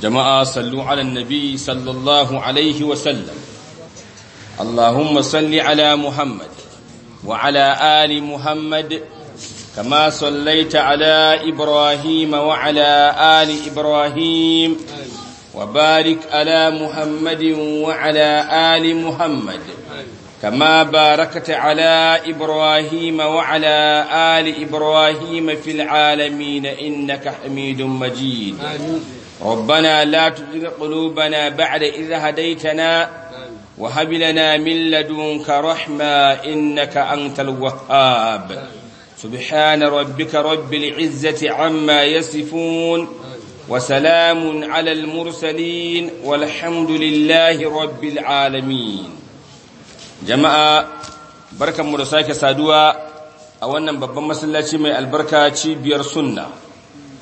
jama'a sallu ala nabi sallallahu alaihi wasallam allahumma salli ala muhammad wa ala ali muhammad kama sallaita ala ibrahim wa ala ali ibrahim وبارك على محمد وعلى آل محمد كما باركت على إبراهيم وعلى آل إبراهيم في العالمين إنك حميد مجيد آمين. ربنا لا تزغ قلوبنا بعد إذ هديتنا وهب لنا من لدنك رحمة إنك أنت الوهاب سبحان ربك رب العزة عما يصفون وسلام على المرسلين والحمد لله رب العالمين جماعة بركة مرساك سادوا أولا ببما سلاتي من البركة بير سنة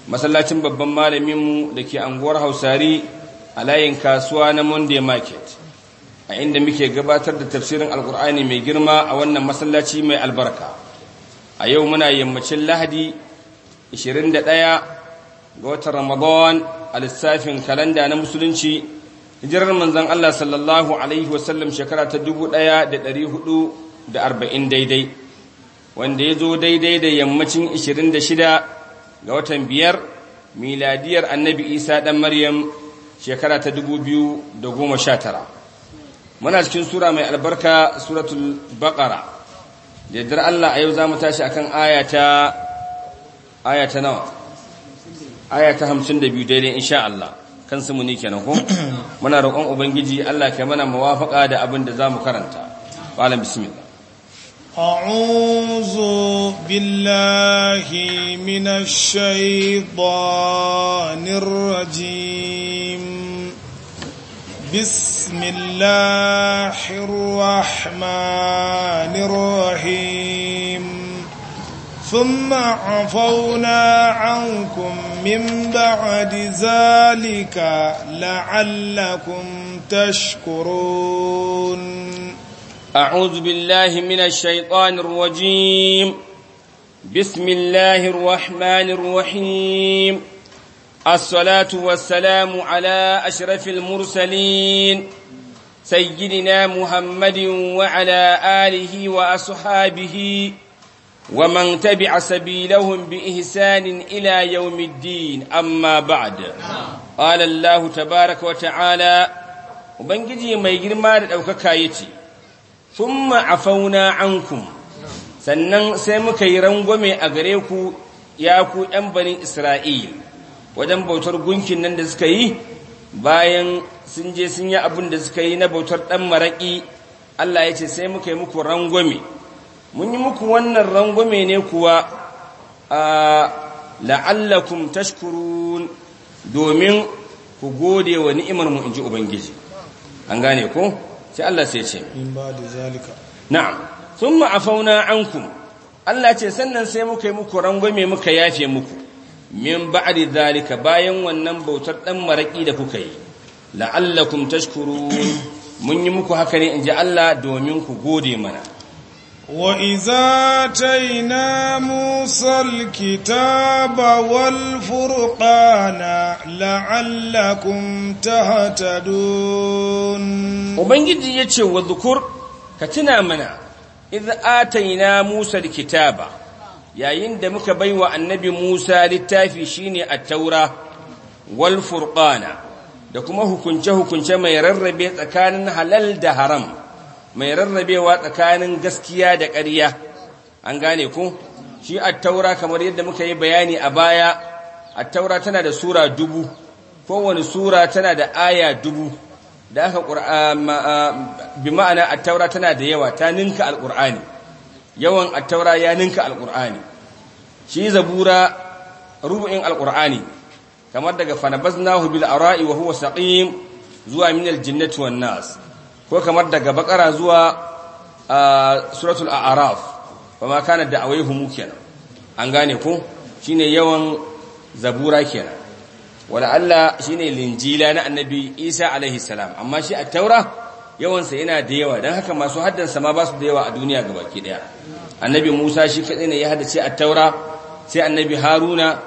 masallacin babban malaminmu da ke anguwar hausari a layin kasuwa na monday market a inda muke gabatar da tafsirin alkur'ani mai girma a wannan masallaci mai albarka a yau muna yammacin lahadi 21 ga watan ramadan a lissafin kalanda na musulunci hijirar manzan allah sallallahu alaihi wasallam shekara ta 1440 daidai wanda ya zo daidai da yammacin 26 ga watan biyar miladiyar annabi isa dan maryam shekara ta dubu biyu da goma sha tara muna cikin sura mai albarka suratul baqara da yadda Allah a yau za mu tashi akan ayata ayata nawa ayata biyu daidai insha Allah kan su muni kenan ko muna roƙon ubangiji Allah ke mana mawafaka da abin da za mu karanta qalan bismillah أعوذ بالله من الشيطان الرجيم بسم الله الرحمن الرحيم ثم عفونا عنكم من بعد ذلك لعلكم تشكرون أعوذ بالله من الشيطان الرجيم بسم الله الرحمن الرحيم الصلاة والسلام على أشرف المرسلين سيدنا محمد وعلى آله وأصحابه ومن تبع سبيلهم بإحسان إلى يوم الدين أما بعد قال الله تبارك وتعالى وبنجي ما يجري ما أوكاكايتي thumma afauna ankum sannan sai muka yi rangwame a gare ku ya ku ɗan bani Isra'il wajen bautar gunkin nan da suka yi bayan sun je sun yi abin da suka yi na bautar ɗan maraƙi Allah ya ce sai muka yi muku rangwame mun yi muku wannan rangwame ne kuwa a la'allakun tashkurun domin ku gode wa ni'imar mu in ji Ubangiji an gane ko? sai Allah sai ce ba da zalika na'am thumma afawna ankum Allah ce sannan sai muka yi muku rangwame muka yafe muku min ba'di zalika bayan wannan bautar ɗan maraƙi da kuka yi la'allakum tashkurun mun yi muku haka ne inji Allah domin ku gode mana وإذا تينا موسى الكتاب والفرقان لعلكم تهتدون وبنجي يتشي وذكر كتنا منا إذا آتينا موسى الكتاب يا يند مكبي والنبي موسى للتافي شيني التوراة والفرقان da kuma hukunce-hukunce mai rarrabe tsakanin halal da haram. mai rarrabewa tsakanin gaskiya da ƙarya an gane ku. shi attaura kamar yadda muka yi bayani a baya attaura tana da sura dubu kowane sura tana da aya dubu da aka bi ma'ana attaura tana da yawa ta ninka alƙur'ani yawan attaura ya ninka alƙur'ani shi zabura rubu'in alƙur'ani kamar daga fanabaznahu bil ara'i wa huwa saqim zuwa min al wan nas ko kamar daga bakara zuwa suratul a'raf ba ma kana da awai an gane ko shine yawan zabura kenan wala alla shine linjila na annabi Isa alaihi salam amma shi a taura yawansa yana da yawa dan haka masu haddan ma ba su da yawa a duniya gabaki daya annabi Musa shi kadai ne ya haddace a taura sai annabi Haruna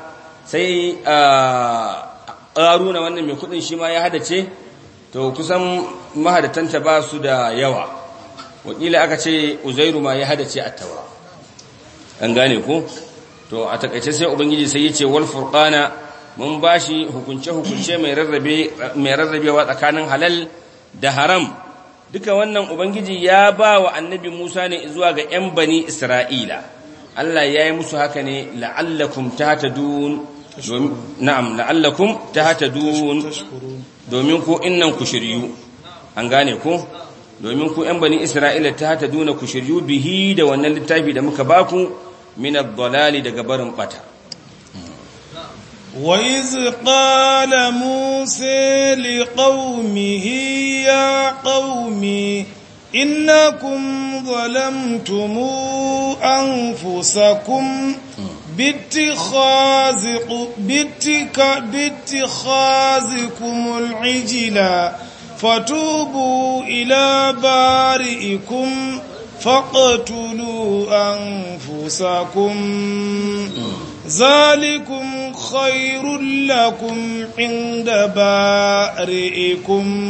sai Haruna wannan mai kudin shi ma ya haddace to kusan mahadatanta ba su da yawa wakila aka ce uzairu ma ya hadace a taura an gane ku to a takaice sai ubangiji sai ya ce wal furqana mun bashi hukunce hukunce mai rarrabewa tsakanin halal da haram duka wannan ubangiji ya ba wa annabi Musa ne zuwa ga yan bani Isra'ila Allah ya yi musu haka ne la'allakum tahtadun na'am la'allakum tahtadun domin ku innan ku shiryu an gane ku domin ku ƴan bani Isra'ila tahtaduna ku shiryu bihi da wannan littafi da muka baku min ad-dalali daga barin bata وإذ قال موسى لقومه يا قوم إنكم ظلمتم أنفسكم باتخاذكم العجلا فتوبوا إلى بارئكم فاقتلوا أنفسكم ذلكم خير لكم عند بارئكم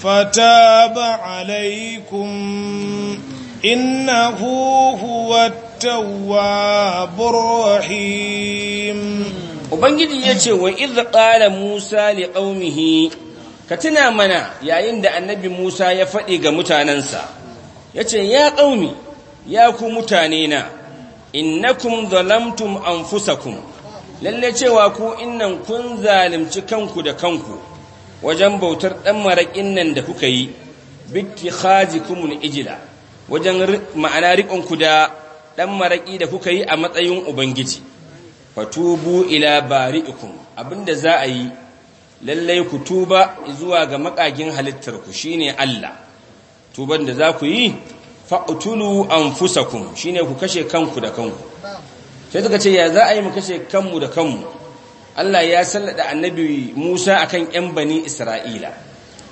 فتاب عليكم إنه هو التواب الرحيم Ubangiji ya ce wa idh qala Musa li qaumihi ka tuna mana yayin da annabi Musa ya faɗi ga mutanensa ya ce ya qaumi ya ku mutane na innakum zalamtum anfusakum Lallai cewa ku innan kun zalimci kanku da kanku wajen bautar ɗan maraƙin nan da kuka yi bittikhajikumul ijila. wajen ma'ana ku da ɗan maraƙi da kuka yi a matsayin ubangiji fatubu ila bari'ikum abinda za a yi lallai ku tuba zuwa ga makagin halittarku shine Allah tuban da za ku yi fa'tulu anfusakum shine ku kashe kanku da kanku sai suka ce ya za a yi mu kashe kanmu da kanmu Allah ya sallada annabi Musa akan 'yan bani Isra'ila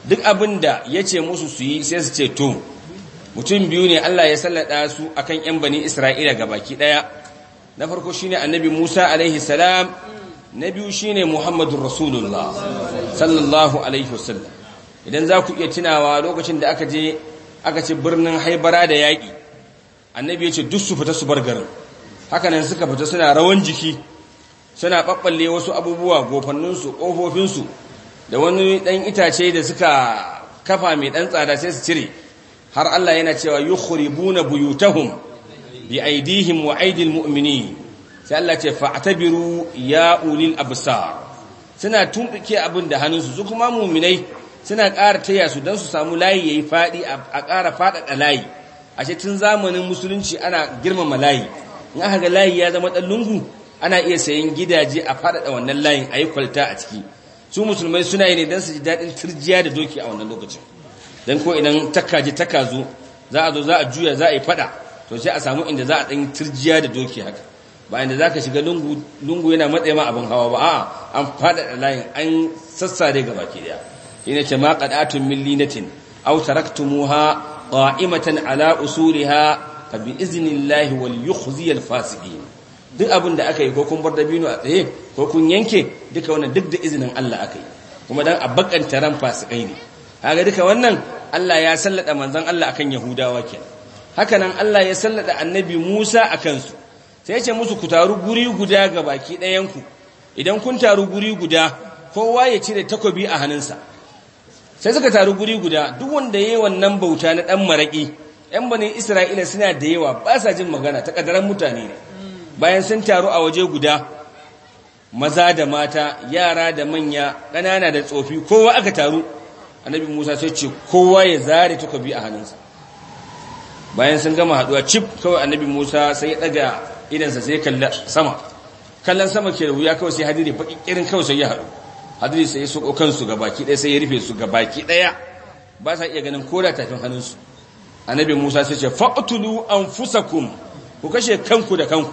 duk abinda ce musu su yi sai su ce to mutum biyu ne Allah ya sallada su akan yan bani Isra'ila ga baki ɗaya. na farko shine annabi Musa alaihi salam na biyu shine Muhammadur Rasulullah sallallahu alaihi wasallam idan za ku iya tunawa lokacin da aka je aka ce birnin Haibara da yaƙi annabi ya ce duk su fita su bar garin haka nan suka fita suna rawan jiki suna babballe wasu abubuwa gofanninsu ƙofofinsu da wani ɗan itace da suka kafa mai ɗan tsada sai su cire har Allah yana cewa yukhribuna buyutahum bi aidihim wa aidil mu'minin sai Allah ce fa'tabiru ya ulil absar suna tumbuke abin da hannunsu su kuma mu'minai suna ƙara taya su dan su samu layi yayi fadi a ƙara faɗaɗa layi ashe tun zamanin musulunci ana girmama layi in aka ga layi ya zama dan lungu ana iya sayan gidaje a faɗaɗa wannan layin ayi kwalta a ciki su musulmai suna yi ne dan su ji daɗin turjiya da doki a wannan lokacin dan ko idan takaji takazu za a zo za a juya za a yi fada to sai a samu inda za a dan turjiya da doki haka ba inda zaka shiga lungu lungu yana matsayi ma abin hawa ba a an fada layin an sassare ga baki daya Ina ce ma qada'atun millinatin aw taraktumuha qa'imatan ala usuliha fa bi iznillahi wal yukhzi al fasiqin duk abin da aka yi ko kun bar dabino a tsaye ko kun yanke duka wannan duk da izinin Allah aka yi kuma dan a bakanta ran fasikai ne kaga duka wannan Allah ya sallada manzon Allah akan Yahudawa kenan haka nan Allah ya sallada annabi Musa akan su sai ya ce musu ku taru guri guda ga baki ɗayanku idan kun taru guri guda kowa ya cire takobi a hannunsa sai suka taru guri guda duk wanda yayi wannan bauta na dan maraki yan bani Isra'ila suna da yawa ba sa jin magana ta kadaran mutane ne bayan sun taru a waje guda maza da mata yara da manya ƙanana da tsofi kowa aka taru annabi musa sai ce kowa ya zare takobi a hannunsa bayan sun gama haduwa cif kawai annabi musa sai ya daga idansa sai kalla sama kallon sama ke da wuya kawai sai hadiri baki irin kawai sai ya haɗu hadiri sai ya soko kansu gabaki ɗaya sai ya rufe su baki ɗaya ba sa iya ganin koda tafin hannunsu annabi musa sai ce fa'tulu anfusakum ku kashe kanku da kanku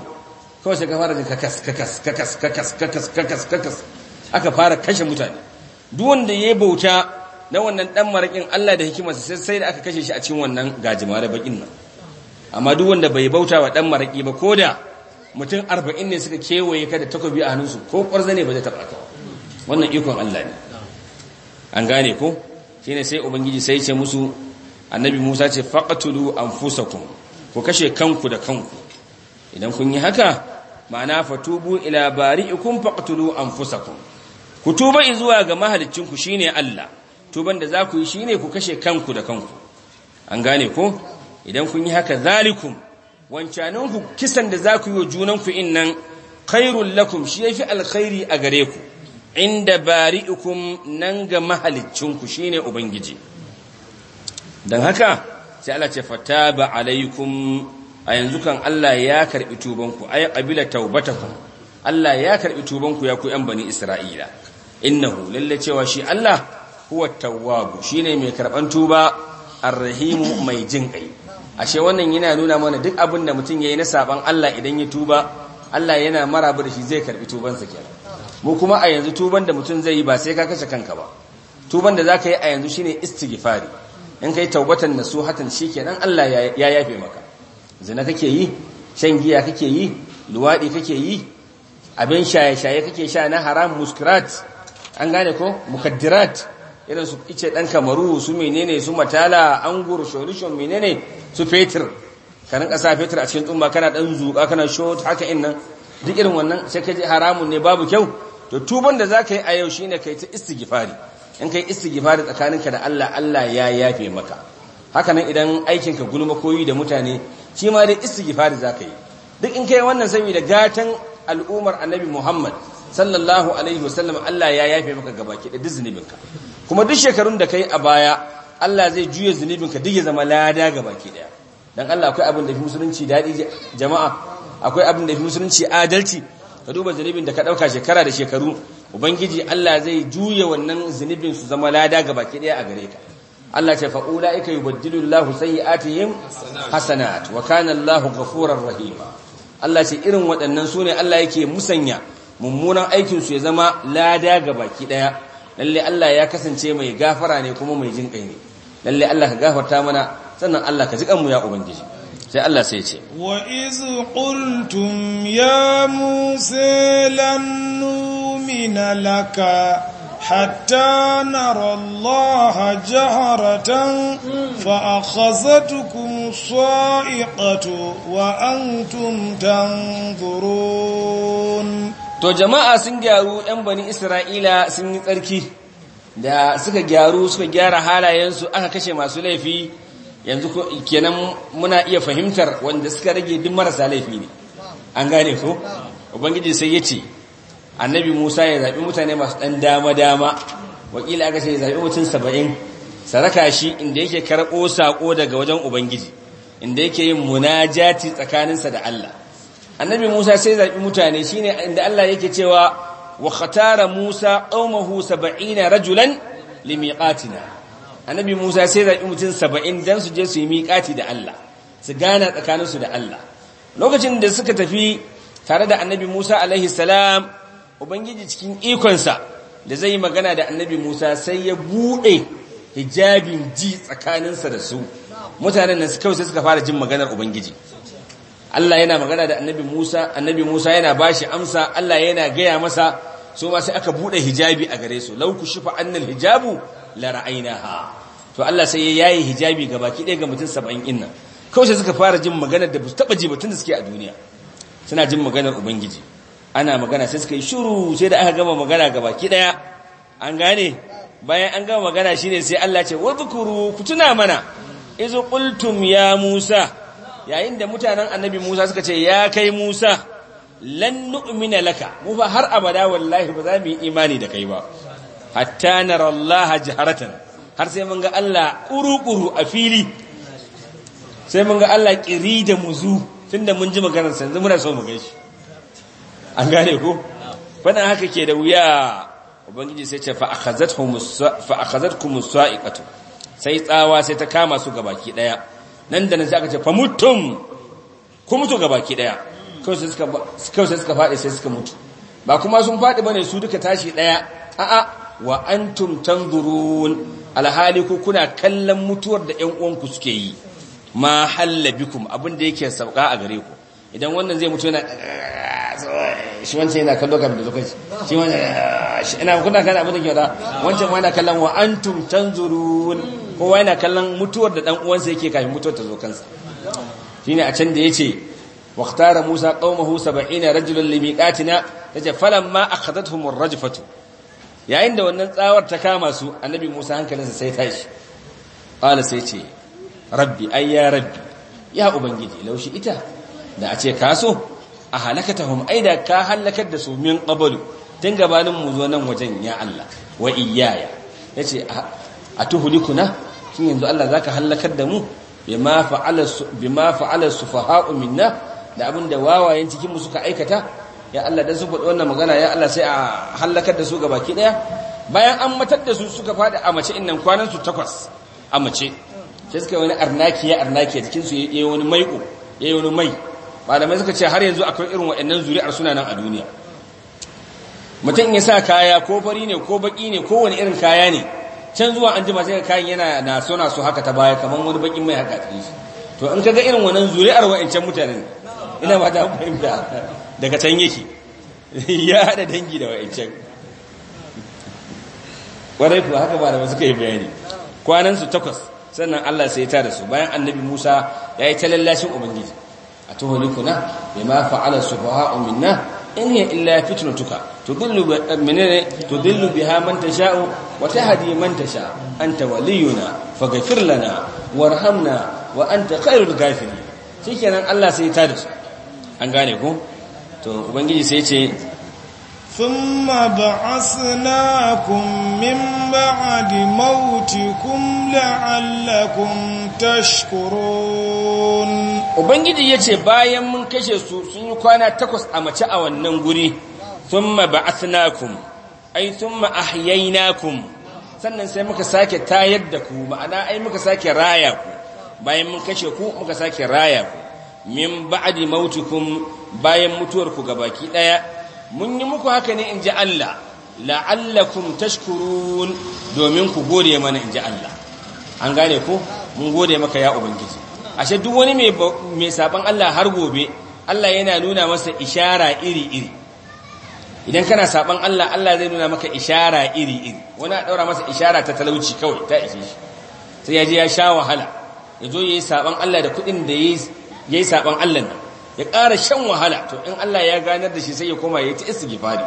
kawai sai ka fara da kakas kakas kakas kakas kakas kakas aka fara kashe mutane duk wanda ya bauta na wannan dan marakin Allah da hikimarsa sai sai da aka kashe shi a cikin wannan gajimare bakin nan amma duk wanda bai bauta wa dan maraki ba koda mutum 40 ne suka kewaye ka da takobi a hannunsu ko kwarza ne ba zai taba ka wannan ikon Allah ne an gane ko shine sai ubangiji sai ce musu annabi Musa ce faqatulu anfusakum ku kashe kanku da kanku idan kun yi haka ma'ana fatubu ila bari'ikum faqatulu anfusakum ku tuba zuwa ga ku shine Allah tuban da za ku yi shine ku kashe kanku da kanku an gane ko idan kun yi haka zalikum wancaninku kisan da za ku yi wa junanku innan khairul lakum shi ya fi alkhairi a gare ku inda bari'ikum nan ga mahaliccinku shine ubangiji Don haka sai Allah ce ba alaikum a yanzu kan Allah ya karbi tubanku ay taubata taubatakum Allah ya karɓi tubanku ya ku yan bani Isra'ila innahu lalle cewa shi Allah huwa tawwabu shine mai karban tuba arrahimu mai jin kai ashe wannan yana nuna mana duk abin da mutum yayi na saban Allah idan ya tuba Allah yana maraba da shi zai karbi tubansa kenan mu kuma a yanzu tuban da mutum zai yi ba sai ka kashe kanka ba tuban da zaka yi a yanzu shine istighfari in kai taubatan nasuhatan shikenan Allah ya yafe maka zina kake yi shan giya kake yi luwadi kake yi abin shaye-shaye kake sha na haram muskirat an gane ko mukaddirat irin su ice dan kamaru su menene su matala angur solution menene su fetur kanan kasa fetur a cikin tsumma kana dan zuka kana shot haka in nan duk irin wannan sai ka ji haramun ne babu kyau to tuban da zaka yi a yau shine kai ta istighfari in kai istighfari ka da Allah Allah ya yafe maka haka nan idan aikin ka gulma koyi da mutane shi ma dai istighfari zaka yi duk in kai wannan da gatan al'umar annabi Muhammad sallallahu alaihi wasallam Allah ya yafe maka gabaki da duk zunubinka kuma duk shekarun da kai a baya Allah zai juye zunubinka duk ya zama lada gabaki daya dan Allah akwai abin da fi musulunci dadi jama'a akwai abin da fi musulunci adalci ka duba zunubin da ka dauka shekara da shekaru ubangiji Allah zai juye wannan zunubin su zama lada ga baki daya a gare ka Allah ce fa ulaika yubaddilu Allahu sayyi'atihim hasanat wa kana Allahu ghafurar rahima Allah ce irin waɗannan su ne Allah yake musanya mummunan aikinsu ya zama lada ga baki ɗaya lalle Allah ya kasance mai gafara ne kuma mai jin ƙai ne lalle Allah ka gafarta mana sannan Allah ka ji ya ubangiji sai Allah sai ce wa iz qultum ya musa lan nu'mina laka hatta nara Allah jaharatan fa akhazatukum sa'iqatu wa antum tanzurun to jama'a sun gyaru ɗan bani isra'ila sun yi tsarki da suka gyaru suka gyara halayensu aka kashe masu laifi yanzu kenan muna iya fahimtar wanda suka rage duk marasa laifi ne an gane ko ubangiji sai ya ce annabi musa ya zaɓi mutane masu ɗan dama-dama wakila aka ce ya zaɓi mutum saba'in saraka shi inda yake karɓo saƙo daga wajen ubangiji inda yake yin munajati tsakaninsa da allah annabi Musa sai zabi mutane shine inda Allah yake cewa wa khatara Musa qaumahu 70 rajulan limiqatina annabi Musa sai zabi mutum 70 dan su je su yi miqati da Allah su gana tsakaninsu da Allah lokacin da suka tafi tare da annabi Musa alaihi salam ubangiji cikin ikonsa da zai magana da annabi Musa sai ya bude hijabin ji tsakaninsa da su mutanen nan kawai sai suka fara jin maganar ubangiji Allah yana magana da annabi Musa annabi Musa yana bashi amsa Allah yana gaya masa so ma sai aka buɗe hijabi a gare su lauku kushifa annal hijabu la ra'ainaha to Allah sai ya yi hijabi ga baki ɗaya ga mutum 70 din nan kawai sai suka fara jin maganar da su taba ji batun da suke a duniya suna jin maganar ubangiji ana magana sai suka yi shiru sai da aka gama magana ga baki ɗaya an gane bayan an gama magana shine sai Allah ce wa zukuru ku tuna mana izu qultum ya Musa yayin da mutanen annabi Musa suka ce ya kai Musa lan nu'mina laka mu fa har abada wallahi ba za mu yi imani da kai ba hatta nara Allah jaharatan har sai mun ga Allah kurukuru a fili sai mun ga Allah kiri da muzu tunda mun ji maganar sa yanzu muna so mu gaishe an gane ko bana haka ke da wuya ubangiji sai ce fa akhazathum fa akhazatkum sa'iqatu sai tsawa sai ta kama su gabaki daya nan da nan sai aka ce famutum ko mutu ga baki daya kawai sai suka faɗi sai suka mutu ba kuma sun faɗi bane su duka tashi daya a'a wa antum tanzurun alhali ku kuna kallon mutuwar da ƴan uwanku suke yi ma bikum abin da yake sauka a gare ku idan wannan zai mutu yana shi wancan yana kallo kafin da lokaci shi wannan ina kuna kana abin da ke wada wancan ma yana kallon wa antum tanzurun kowa yana kallon mutuwar da dan uwansa yake kafin mutuwar ta zo kansa shine a can da ya yace waqtara musa qaumahu 70 rajulan limiqatina yace falamma akhadathum ar-rajfatu yayin da wannan tsawar ta kama su annabi musa hankalinsa sai shi qala sai ce rabbi ayya ya rabbi ya ubangiji laushi ita da a ce ka so a halakatahum aida ka halakar da su min qablu tun gabanin mu zo nan wajen ya Allah wa iyaya yace a tuhulikuna shin yanzu Allah zaka halakar da mu bima fa'ala bima fa'ala sufaha'u minna da abinda wawayen cikin mu suka aikata ya Allah da su faɗi wannan magana ya Allah sai a halakar da su baki daya bayan an matar da su suka faɗi a mace innan kwanan su takwas a mace sai suka wani arnaki ya arnaki cikinsu su yayi wani maiƙo yayi wani mai malamai suka ce har yanzu akwai irin waɗannan zuri'ar suna nan a duniya mutum ya sa kaya ko fari ne ko baki ne ko wani irin kaya ne can zuwa an jima sai kayan yana na so na so haka ta baya kamar wani bakin mai haka cikin shi to in kaga irin wannan zuri'ar wa'ancan mutanen ina ba ta fahimta daga can yake ya hada dangi da wa'ancan kwarai kuwa haka ba da ba suka yi bayani kwanan su takwas sannan Allah sai ya tada su bayan annabi Musa ya yi ta lallashin ubangiji a tuhulikuna bima fa'ala subha'u minna in hiya illa fitnatuka tudillu menene tudillu biha man tasha'u wa tahdi man tasha anta waliyuna faghfir lana warhamna wa anta khairul ghafirin shikenan Allah sai ta da su an gane ko to ubangiji sai ce ثم بعثناكم من بعد موتكم لعلكم تشكرون ubangiji yace bayan mun kashe su sun yi kwana takwas a mace a wannan guri thumma ba'athnakum ay thumma ahyaynakum sannan sai muka sake tayar da ku ma'ana ai muka sake raya ku bayan mun kashe ku muka sake raya ku min ba'di mautikum bayan mutuwar ku gabaki daya mun yi muku haka ne in ji Allah la'allakun tashkurun domin ku gode mana in ji Allah an gane ko mun gode maka ya ubangiji ashe duk wani mai mai Allah har gobe Allah yana nuna masa ishara iri-iri idan kana saban Allah Allah zai nuna maka ishara iri-iri wani a ɗaura masa ishara ta talauci kawai ta ishe shi sai ya je ya sha wahala ya zo ya yi saban Allah da kuɗin da ya yi saban Allah nan ya ƙara shan wahala to in Allah ya ganar da shi sai ya koma ya ta istighfari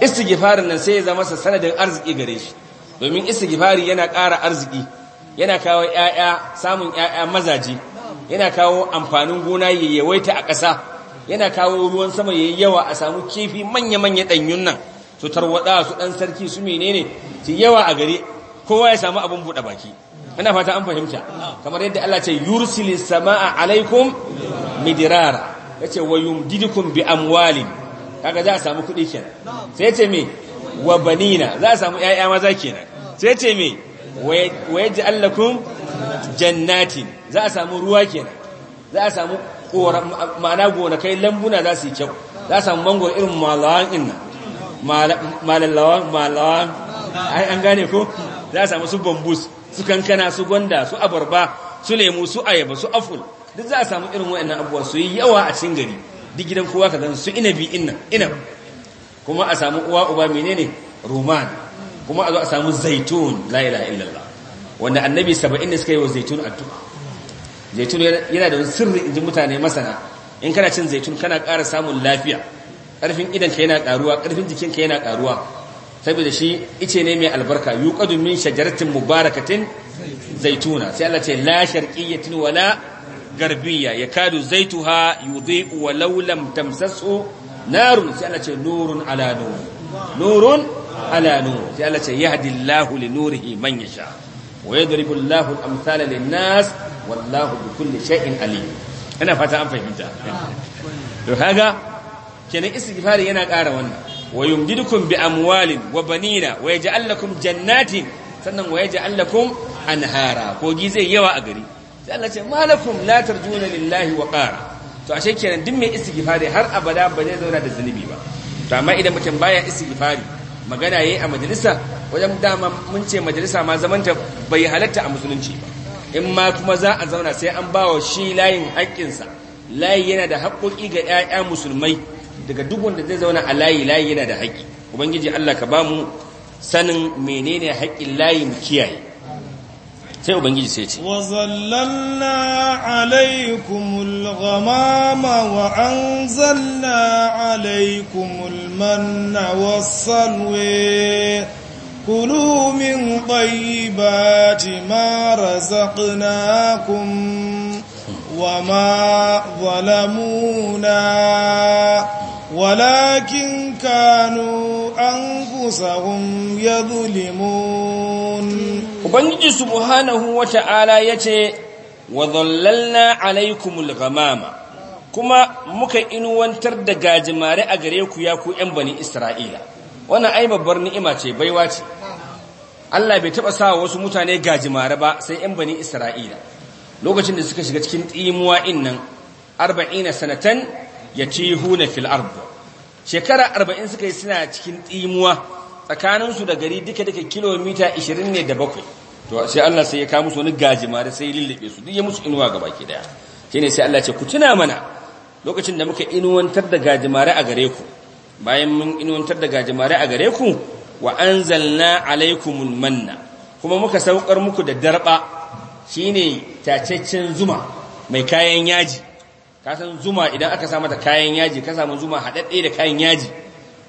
istighfarin nan sai ya zama sa sanadin arziki gare shi domin istighfari yana ƙara arziki yana kawo ƴaƴa samun ƴaƴa mazaji yana kawo amfanin gona ya yawaita a ƙasa yana kawo ruwan sama yayi yawa a samu kifi manya-manya ɗanyun nan su tarwaɗa su ɗan sarki su menene su yawa a gare kowa ya samu abin buɗe baki ina fata an fahimta kamar yadda Allah ce yursilis samaa alaikum midirara yace wa yumdidukum bi amwalin kaga za a samu kuɗi kenan sai yace me wa banina za a samu ma za kenan sai yace me wa yaj'al jannatin za a samu ruwa kenan za a samu ma'ana kai lambuna za su yi kyau za a samu mangoro irin malawan inna malallawan malawan an gane ko za a samu su bambus su kankana su gwanda su abarba su lemu su ayaba su aful duk za a samu irin wa'annan abubuwa su yi yawa a cikin gari duk gidan kowa ka gan su inabi inna inab kuma a samu uwa uba menene roman kuma a zo a samu zaitun la ilaha illallah wanda annabi 70 ne suka yi wa zaitun addu'a zaitun yana da wani sirri inji mutane masana in kana cin zaitun kana ƙara samun lafiya ƙarfin idanka yana ƙaruwa ƙarfin jikinka yana ƙaruwa saboda shi ice ne mai albarka yuqadu min shajaratin mubarakatin zaituna sai Allah ce la sharqiyyatin wala garbiyya yakadu zaituha yudhi'u walau lam tamsasu narun sai Allah ce nurun ala nur nurun ala nur sai Allah ce yahdi Allahu li nurihi man yasha wa yadribu Allahu al-amthala lin-nas wallahu bi kulli shay'in alim ina fata an fahimta to kaga kenan istighfari yana ƙara wannan wa yumdidukum bi amwalin wa banina jannatin sannan wa yaj'al lakum anhara kogi zai yawa a gari sai Allah ce malakum la tarjuna lillahi wa qara to ashe kenan duk mai istighfari har abada ba zai zauna da zunubi ba to amma idan mutum baya istighfari magana yayi a majalisa wajen dama mun ce majalisa ma zamanta bai halatta a musulunci ba in ma kuma za a zauna sai an bawa shi layin haƙƙinsa layi yana da haƙƙoƙi ga 'ya'ya musulmai daga duk wanda zai zauna a layi layi yana da haƙƙi ubangiji Allah ka bamu sanin menene haƙƙin layi mu kiyaye sai ubangiji sai ce wa zallalna alaikumul ghamama wa anzalna alaikumul manna was kulu min tayyibati ma razaqnakum wa ma zalamuna ولكن كانوا أنفسهم يظلمون وبنجي سبحانه وتعالى يتي وظللنا عليكم الغمامة كما muka inuwantar da gajimare a gare ku ya ku ƴan bani Isra'ila wannan ai babbar ce Allah bai taba sa wasu mutane gajimare ba sai ƴan bani Isra'ila lokacin da suka shiga cikin tsimuwa innan 40 sanatan ya yatihuna na ardh shekara arba'in suka yi suna cikin tsimuwa tsakaninsu da gari duka-duka kilomita ashirin ne da bakwai to sai Allah sai ya kawo musu wani gajima da sai lullube su duk ya musu inuwa gaba ke daya ne sai Allah ce ku tuna mana lokacin da muka inuwantar da gajimare a gare ku bayan mun inuwantar da gajimare a gare ku wa anzalna alaikumul manna kuma muka saukar muku da darba shine tacaccen zuma mai kayan yaji ka san zuma idan aka sa mata kayan yaji ka samu zuma haɗaɗɗe da kayan yaji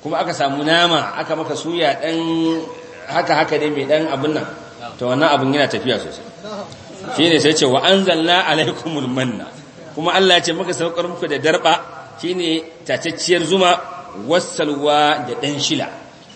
kuma aka samu nama aka maka suya ɗan haka haka dai mai ɗan abin nan to wannan abin yana tafiya sosai shi ne sai ce wa an zalla alaikumul manna kuma Allah ya ce maka saukar muku da darba shi ne tacacciyar zuma wasalwa da ɗan shila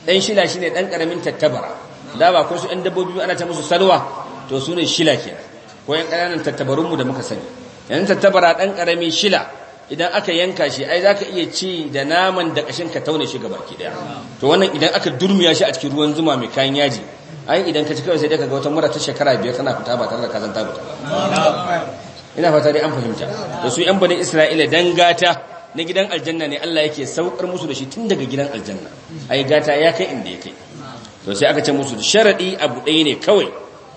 ɗan shila shi ne ɗan ƙaramin tattabara da ba ko su ɗan dabbobi ana ta musu salwa to su ne shila kenan ko ‘yan ƙananan tattabarunmu da muka sani yanzu tattabara ɗan ƙarami shila idan aka yanka shi ai za ka iya ci da naman da ƙashin ka taune shi gaba ki daya to wannan idan aka durmiya shi a cikin ruwan zuma mai kayan yaji ai idan ka ci kawai sai dai ka ga wata mura ta shekara biyar tana fita ba tare da ka zanta ba ina fata dai an fahimta da su yan bani isra'ila dan gata na gidan aljanna ne Allah yake saukar musu da shi tun daga gidan aljanna ai gata ya kai inda ya kai to sai aka ce musu sharadi abu ɗaya ne kawai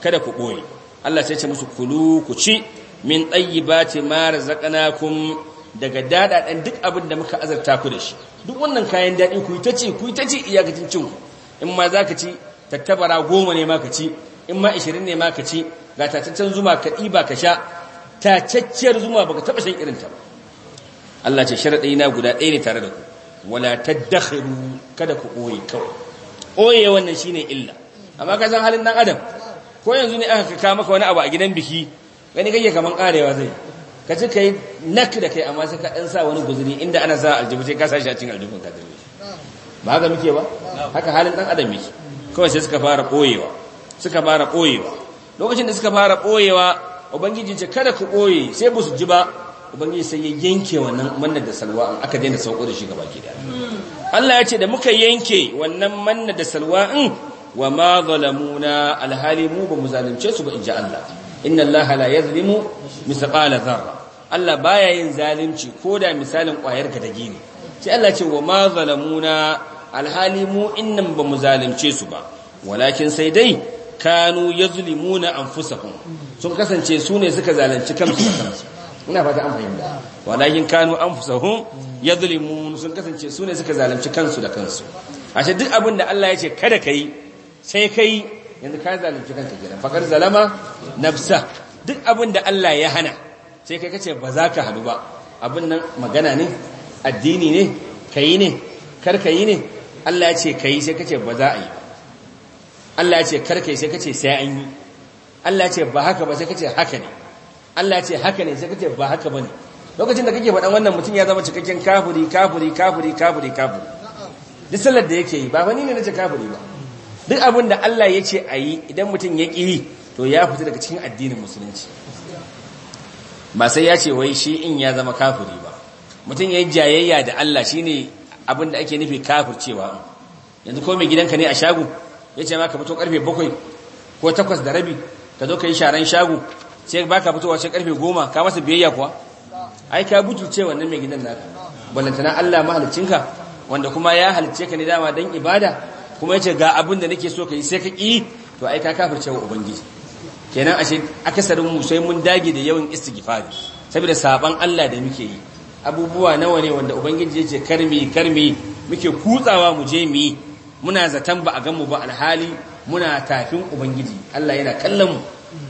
kada ku boye Allah sai ce musu kulu ku ci min ba mara zaƙana kun daga daɗaɗen duk abin da muka azarta ku da shi duk wannan kayan daɗi ku yi ta ce ku yi ta ce gajin cin ku in ma za ka ci tattabara goma ne ma ka ci in ma ishirin ne ma ka ci ga tataccen zuma ka ɗiba ka sha tacacciyar zuma ba ka taɓa shan irin ta ba Allah ce sharadi na guda ɗaya ne tare da ku wala tadakhiru kada ku ɓoye kawai ɓoye wannan shine illa amma ka san halin ɗan adam ko yanzu ne aka kama maka wani abu a gidan biki gani ganye kaman karewa zai ka ci kai nak da kai amma sai ka dan sa wani guzuri inda ana sa aljibu sai ka sa shi a cikin aljibun ka dirbi ba haka muke ba haka halin dan adam yake kawai sai suka fara koyewa suka fara koyewa lokacin da suka fara koyewa ubangiji ce kada ku koye sai ba su ji ba ubangiji sai ya yanke wannan manna da salwa an aka daina sauko da shi gaba ki da Allah ya ce da muka yanke wannan manna da salwa in wa ma zalamuna alhali mu ba mu zalunce su ba in ji Allah inna allaha la yazlimu misqala dharra Allah baya yin zalunci koda misalin kwayar ka dage ne sai Allah ce wa ma zalamuna alhali mu innan mu zalunce su ba walakin sai dai kanu yazlimuna anfusahum sun kasance su ne suka zalunci kansu kansu ina fata an fahimta walakin kanu anfusahum yazlimun sun kasance su ne suka zalunci kansu da kansu ashe duk abin da Allah ya ce kada kai sai kai yanzu ka zalunci kanka kenan fakar zalama nafsa duk abin da Allah ya hana sai kai kace ba za ka hadu ba abin nan magana ne addini ne kai ne kar kai ne Allah ya ce kai sai kace ba za a yi Allah ya ce kar kai sai kace sai an yi Allah ya ce ba haka ba sai kace haka ne Allah ya ce haka ne sai kace ba haka bane lokacin da kake faɗan wannan mutum ya zama cikakken kafiri kafiri kafiri kafiri kafiri duk sallar da yake yi ba wani ne ce kafiri ba duk abin da Allah ya ce a yi idan mutum ya ƙi to ya fita daga cikin addinin musulunci ba sai ya ce wai shi in ya zama kafuri ba mutum ya yi jayayya da Allah shi ne abin da ake nufi cewa yanzu ko mai gidanka ne a shago ya ce maka fito karfe bakwai ko takwas da rabi ka zo ka yi sharan shago sai ba ka fito wacce karfe goma ka masa biyayya kuwa ai ka ce wannan mai gidan naka ballantana Allah mahaliccinka wanda kuma ya halicce ka ne dama don ibada kuma ya yace ga abin da nake so ka yi sai ka ki to ai ka kafirce wa ubangiji kenan ashe akasarin mu sai mun dage da yawan istighfari saboda sabon Allah da muke yi abubuwa nawa ne wanda ubangiji yace karmi karmi muke kutsawa mu je mi muna zaton ba a gan mu ba alhali muna tafin ubangiji Allah yana kallon mu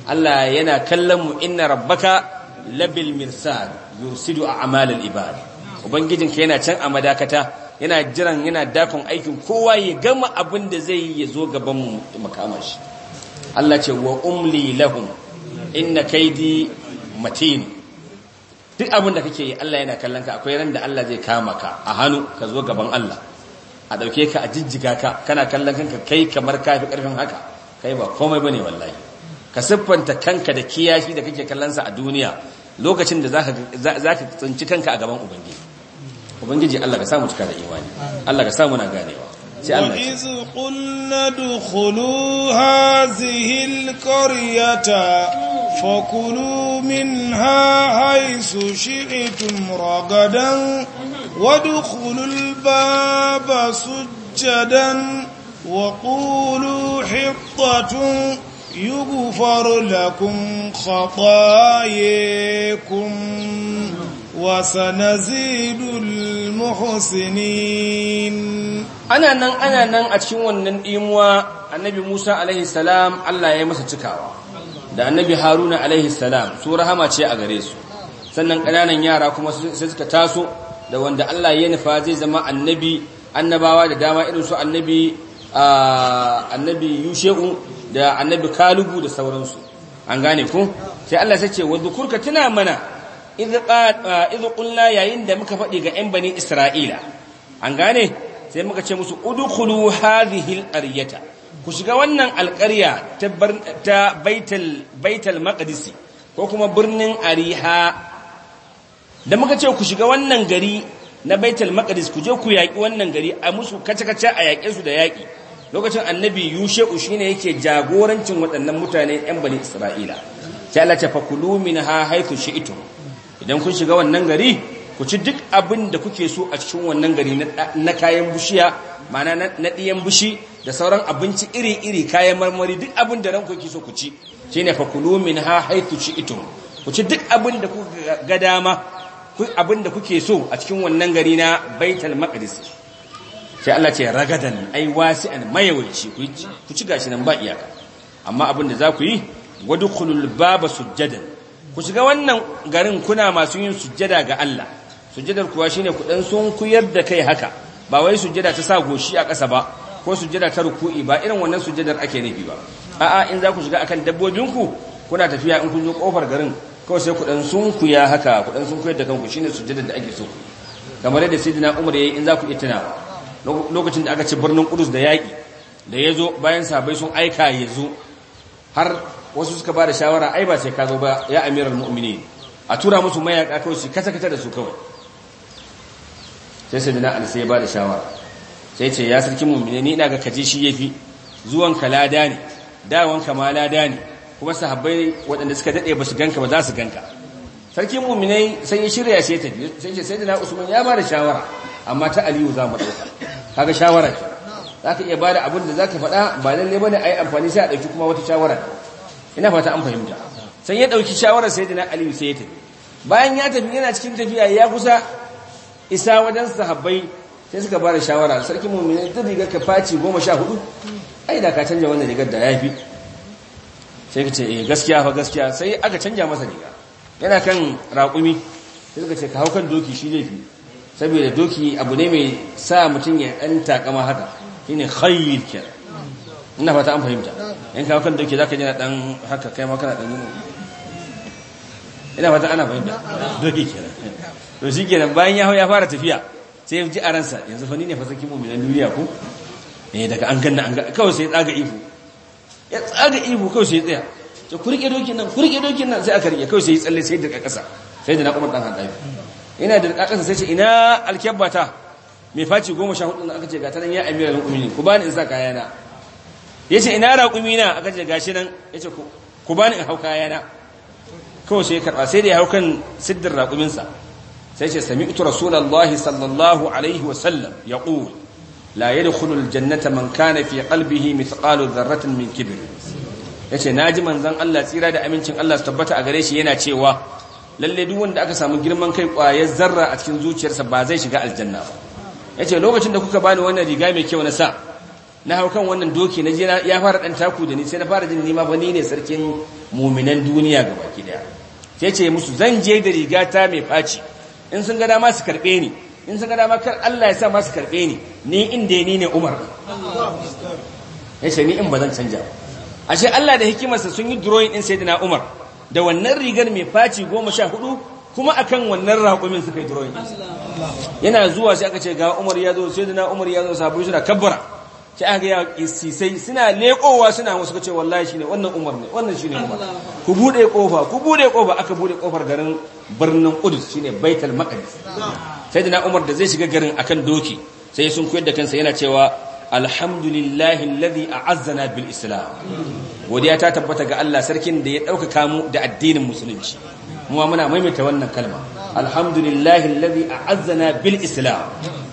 Allah yana kallon mu inna rabbaka labil mirsad yursidu amalal al ibad ubangijinka yana can a madakata yana jiran yana dakon aikin kowa ya gama abin da zai yi ya zo gaban mu makama shi Allah ce wa umli lahum inna kaidi matin duk abin da kake yi Allah yana kallon ka akwai ran da Allah zai kama ka a hannu ka zo gaban Allah a dauke ka a jijjiga ka kana kallon kanka kai kamar kafi karfin haka kai ba komai bane wallahi ka siffanta kanka da kiyashi da kake kallon sa a duniya lokacin da zaka zaka tsinci kanka a gaban ubangiji ubangiji Allah ka samu cika da imani Allah ka samu na ganewa sai Allah ya ce qulna dukhulu hadhihi alqaryata fakulu minha haythu shi'tum ragadan wadkhulu albaba sujjadan وقولوا حطة يغفر لكم خطاياكم wasanazidul muhsinin ana nan ana nan a cikin wannan imuwa annabi Musa alaihi salam Allah ya masa cikawa da annabi Haruna alaihi salam su rahama ce a gare su sannan ƙananan yara kuma sai suka taso da wanda Allah ya nufa zai zama annabi annabawa da dama irin su annabi annabi Yushe'u da annabi Kalubu da sauransu an gane ku sai Allah sai ce wa dhukurka tuna mana idh qulna yayin da muka faɗi ga 'yan bani isra'ila an gane sai muka ce musu udkhulu hadhihi al-qaryata ku shiga wannan alqarya ta baitul baitul maqdis ko kuma birnin ariha da muka ce ku shiga wannan gari na baitul maqdis ku je ku yaki wannan gari a musu kace-kace a yake su da yaki lokacin annabi yushe'u shine yake jagorancin waɗannan mutane 'yan bani isra'ila sai Allah ta fakulu minha haythu shi'tum idan kun shiga wannan gari ku ci duk abin da kuke so a cikin wannan gari na kayan bushiya mana na ɗiyan bushi da sauran abinci iri-iri kayan marmari duk abin da ranku yake so ku ci shi ne fakulu min ha haitu ci ito ku ci duk abin da kuka ga dama abin da kuke so a cikin wannan gari na baital maqdis sai Allah ce ragadan ai wasi'an mayawaici ku ci gashi nan ba iyaka amma abin da za ku yi wadkhulul baba sujjadan ku shiga wannan garin kuna masu yin sujjada ga Allah sujjadar kuwa shine ku dan sunkuyar da kai haka ba wai sujjada ta sa goshi a ƙasa ba ko sujjada ta ruku'i ba irin wannan sujjadar ake nufi ba a'a in za ku shiga akan dabbobinku kuna tafiya in kun zo kofar garin kawai sai ku dan sunkuya haka ku dan sunkuyar da kanku shine sujjadar da ake so kamar yadda sayyidina Umar yayi in za ku iya tunawa lokacin da aka ci birnin Qudus da yaki da yazo bayan sabai sun aika yazo har wasu suka ba da shawara ai ba sai ka zo ba ya amiral mu'minin a tura musu mayaka kawai su kasa kata da su kawai sai sai dana sai ya ba da shawara sai ce ya sarki mu'minin ni ina ga kaje shi yafi zuwan ka lada ne dawon ka ma lada ne kuma sahabbai waɗanda suka dade ba su ganka ba za su ganka sarkin mu'minai sai ya shirya sai ta sai ce sai dana usman ya ba da shawara amma ta aliyu za mu dauka kaga shawara zaka iya bada abin da zaka faɗa ba lalle ba ne amfani sai a ɗauki kuma wata shawara ina fata an fahimta sai ya dauki shawarar sayyidina ali sai ya tafi bayan ya tafi yana cikin tafiya ya kusa isa wajen sahabbai sai suka bada shawara sarki mu'mini ta riga ka faci 14 ai da ka canja wannan rigar da yafi sai ka ce eh gaskiya fa gaskiya sai aka canja masa riga yana kan raƙumi sai suka ce ka hau kan doki shi zai fi saboda doki abu ne mai sa mutum ya ɗan takama haka shine khayr kira ina fata an fahimta in ka kan dauke zaka jina dan haka kai ma kana dan yin ina fata ana fahimta doki kenan to shi kenan bayan ya hau ya fara tafiya sai ya ji a ransa yanzu fa ni ne fa saki mu mu'minan duniya ko eh daga an ganna an ga kawai sai tsaga ihu ya tsaga ihu kawai sai tsaya to ku rike dokin nan ku rike dokin nan sai aka rike kawai sai tsalle sai da kasa sai da na kuma dan hadabi ina da kasa sai ce ina alkabbata mai faci 14 da aka ce ga ta nan ya amirul mu'minin ku bani in sa kayana ya ce ina raƙumi na aka ce gashi nan ya ce ku bani in hau kayana kawai sai ya karɓa sai da ya hau kan siddin raƙuminsa sai ce sami ita rasulallah sallallahu alaihi wasallam ya la ya da kulul jannata man kana fi ƙalbihi mithqalu zarratin min kibir ya ce na ji manzan Allah tsira da amincin Allah su tabbata a gare shi yana cewa lalle duk wanda aka samu girman kai ƙwayar zarra a cikin zuciyarsa ba zai shiga aljanna ba ya ce lokacin da kuka bani wannan riga mai kyau na sa na hau kan wannan doki na jina ya fara dan taku da ni sai na fara jin nima ba ni ne sarkin muminan duniya ga baki daya sai ce musu zan je da riga ta mai faci in sun ga ma su karbe ni in sun ga ma kar Allah ya sa ma su karbe ni ni inda ni ne Umar ya ce ni in ba zan canja ba ashe Allah da hikimarsa sun yi drawing din sayyidina Umar da wannan rigar mai faci 14 kuma akan wannan raƙumin suka yi drawing yana zuwa sai aka ce ga Umar ya zo sai da na Umar ya zo sabu suna kabbara shi aka yawa sisai suna leƙowa suna wasu kace wallahi shine wannan umar ne wannan shine umar ku bude kofa ku bude kofa aka bude kofar garin birnin Qudus shine Baitul Maqdis sayyidina Umar da zai shiga garin akan doki sai sun koyar da kansa yana cewa alhamdulillahi alladhi a'azzana bil islam godiya ta tabbata ga Allah sarkin da ya dauka mu da addinin musulunci mu muna maimaita wannan kalma alhamdulillahi alladhi a'azzana bil islam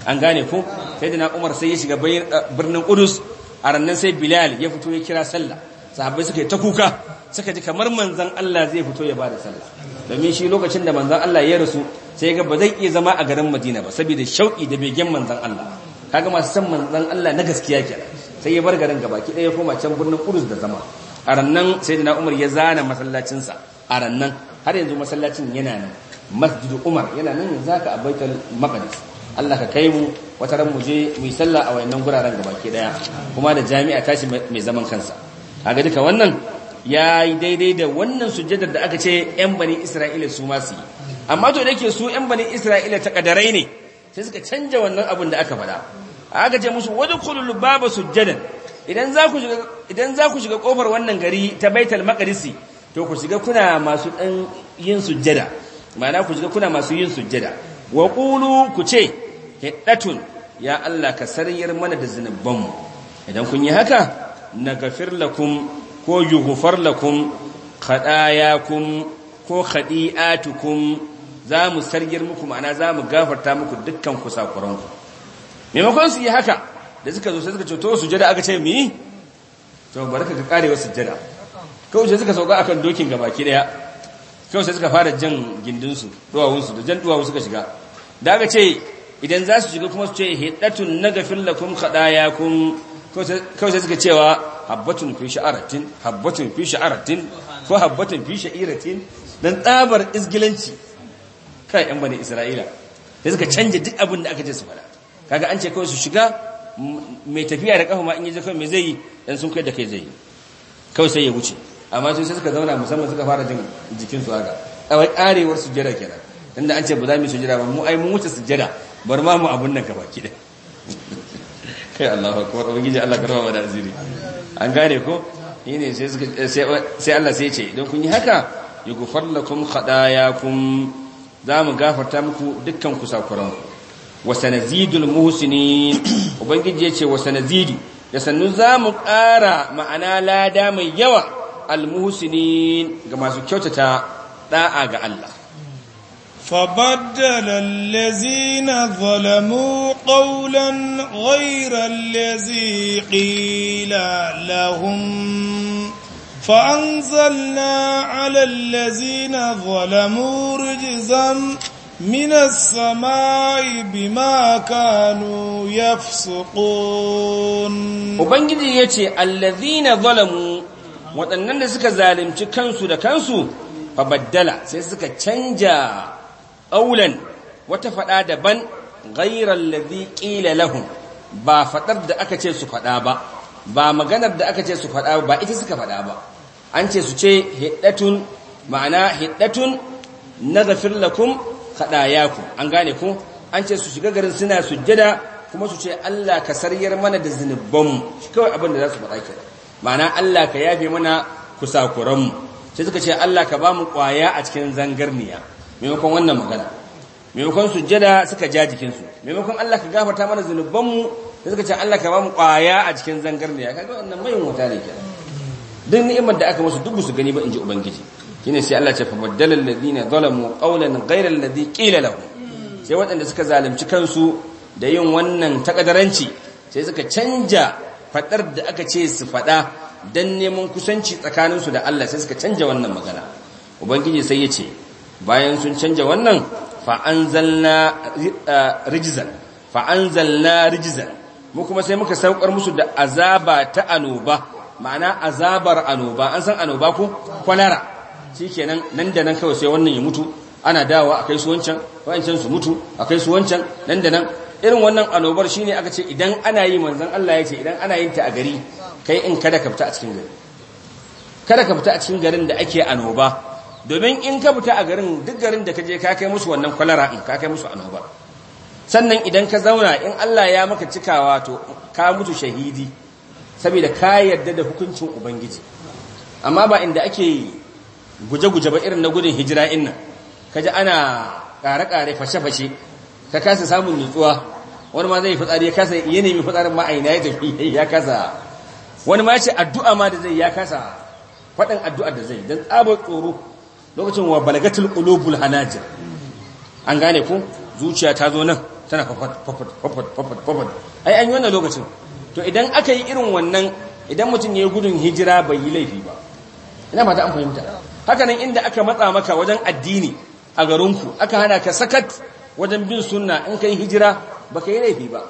an gane ku. sayyidina Umar sai ya shiga eh, birnin Qudus a rannan sai Bilal ya fito ya kira sallah sahabai suka yi ta kuka suka ji kamar manzan Allah zai fito ya bada sallah domin shi lokacin da manzan Allah ya rasu sai ga ba zai iya zama a garin Madina ba saboda shauki da begen manzan Allah kaga masu san manzan Allah na gaskiya kenan sai ya bar garin gabaki ɗaya ya koma can birnin Qudus da zama a rannan sayyidina Umar ya zana masallacinsa a rannan har yanzu masallacin yana nan masjid Umar yana nan yanzu haka a Baitul Maqdis Allah ka kai mu wata ran mu je mu yi sallah a wayannan guraren gaba ke daya kuma da jami'a tashi mai zaman kansa kaga duka wannan yayi daidai da wannan sujjadar da aka ce yan bani Isra'ila su ma su yi amma to dake su yan bani Isra'ila ta kadarai ne sai suka canja wannan abun da aka faɗa aka ce musu wadkhulul baba sujjadan idan za ku shiga idan za ku shiga kofar wannan gari ta Baitul Maqdis to ku shiga kuna masu dan yin sujjada ma'ana ku shiga kuna masu yin sujjada wa qulu ku ce hidatun ya Allah ka sarriyar mana da zunubanmu idan kun yi haka nagafir lakum ko yughfar lakum khadayakum ko khadi'atukum za mu sargir muku ma'ana za mu gafarta muku dukkan kusakuranku maimakon su yi haka da suka zo sai suka ce to jada aka ce mu yi to baraka ka wasu jada kawai sai suka sauka akan dokin gabaki daya kawai sai suka fara jan gindinsu duwawunsu da jan duwawu suka shiga da aka ce idan za su shiga kuma su ce hiddatun nagafir lakum khadayakum kawai sai suka cewa habbatun fi sha'aratin habbatun fi sha'aratin ko habbatun fi sha'iratin dan tsabar izgilanci kai ɗan bani isra'ila sai suka canja duk abin da aka ce su fara kaga an ce kawai su shiga mai tafiya da kafa ma in yi zakan me zai yi dan sun kai da kai zai yi kawai sai ya wuce amma sai suka zauna musamman suka fara jin jikin su haka a wai karewar sujjada kenan tunda an ce ba za mu sujjada ba mu ai mu wuce sujjada bar ma mu abun nan gaba ki da kai Allahu akbar ubangiji Allah karama mu da aziri an gane ko ne sai sai Allah sai ce don kun yi haka yughfar lakum khadayakum za mu gafarta muku dukkan kusakuranku wa sanazidul muhsinin ubangiji ya ce wa sanazidu da sannu za mu ƙara ma'ana lada mai yawa al muhsinin ga masu kyautata da'a ga Allah فبدل الذين ظلموا قولا غير الذي قيل لهم فأنزلنا على الذين ظلموا رجزا من السماء بما كانوا يفسقون وبنجي يتي الذين ظلموا waɗannan da suka zalunci kansu da kansu fa baddala sai qaulan wata fada daban gairar lazi ƙila lahun ba faɗar da aka ce su fada ba ba maganar da aka ce su fada ba ita suka faɗa ba an ce su ce hiddatun ma'ana hiddatun naghfir lakum ku. an gane ku, an ce su shiga garin suna sujjada kuma su ce Allah ka sariyar mana da zinubanmu shi kawai abin da za su faɗa ke. ma'ana Allah ka yafe mana kusakuranmu sai suka ce Allah ka ba mu ƙwaya a cikin zangarniya maimakon wannan magana maimakon sujjada suka ja jikinsu maimakon Allah ka gafarta mana zunubanmu da suka ce Allah ka ba mu kwaya a cikin zangarniya kaga wannan mai wuta ne kenan duk ni'imar da aka musu duk su gani ba in ji ubangiji ne sai Allah ya ce fa baddala ladina zalamu qawlan ghayra alladhi qila lahum sai waɗanda suka zalunci kansu da yin wannan takadaranci sai suka canja fadar da aka ce su fada dan neman kusanci tsakaninsu da Allah sai suka canja wannan magana ubangiji sai ya ce bayan sun canja wannan fa'anzalna eh, rijizan rijizan mu kuma sai muka saukar musu da azaba ta anoba ma'ana azabar anoba an san anoba ko shi shikenan nan da nan kawai sai wannan ya mutu ana dawa a kai su wancan wancan su mutu a kai su wancan nan da nan irin wannan anobar shine aka ce idan ana yi manzan Allah ya ce idan ana yin ta a gari kai in kada ka fita a cikin gari kada ka fita a cikin garin da ake anoba domin in ka fita a garin duk garin da ka je ka kai musu wannan kwalara ka kai musu annoba sannan idan ka zauna in Allah ya maka cikawa to ka mutu shahidi saboda ka yarda da hukuncin ubangiji amma ba inda ake guje-guje ba irin na gudun hijira nan kaji ana kare-kare fashe-fashe ka kasa samun nutsuwa wani ma zai fitsari ya kasa ya nemi fitsarin ma ya tafi ya kasa wani ma ya ce addu'a ma da zai ya kasa faɗin addu'a da zai don tsabar tsoro lokacin wa balagatul qulubul hanajir an gane ku. zuciya ta zo nan tana fafat fafat fafat fafat fafat ai an yi wannan lokacin to idan aka yi irin wannan idan mutum ya yi gudun hijira bai yi laifi ba ina fata an fahimta haka nan inda aka matsa maka wajen addini a garinku aka hana ka sakat wajen bin sunna in kai hijira baka yi laifi ba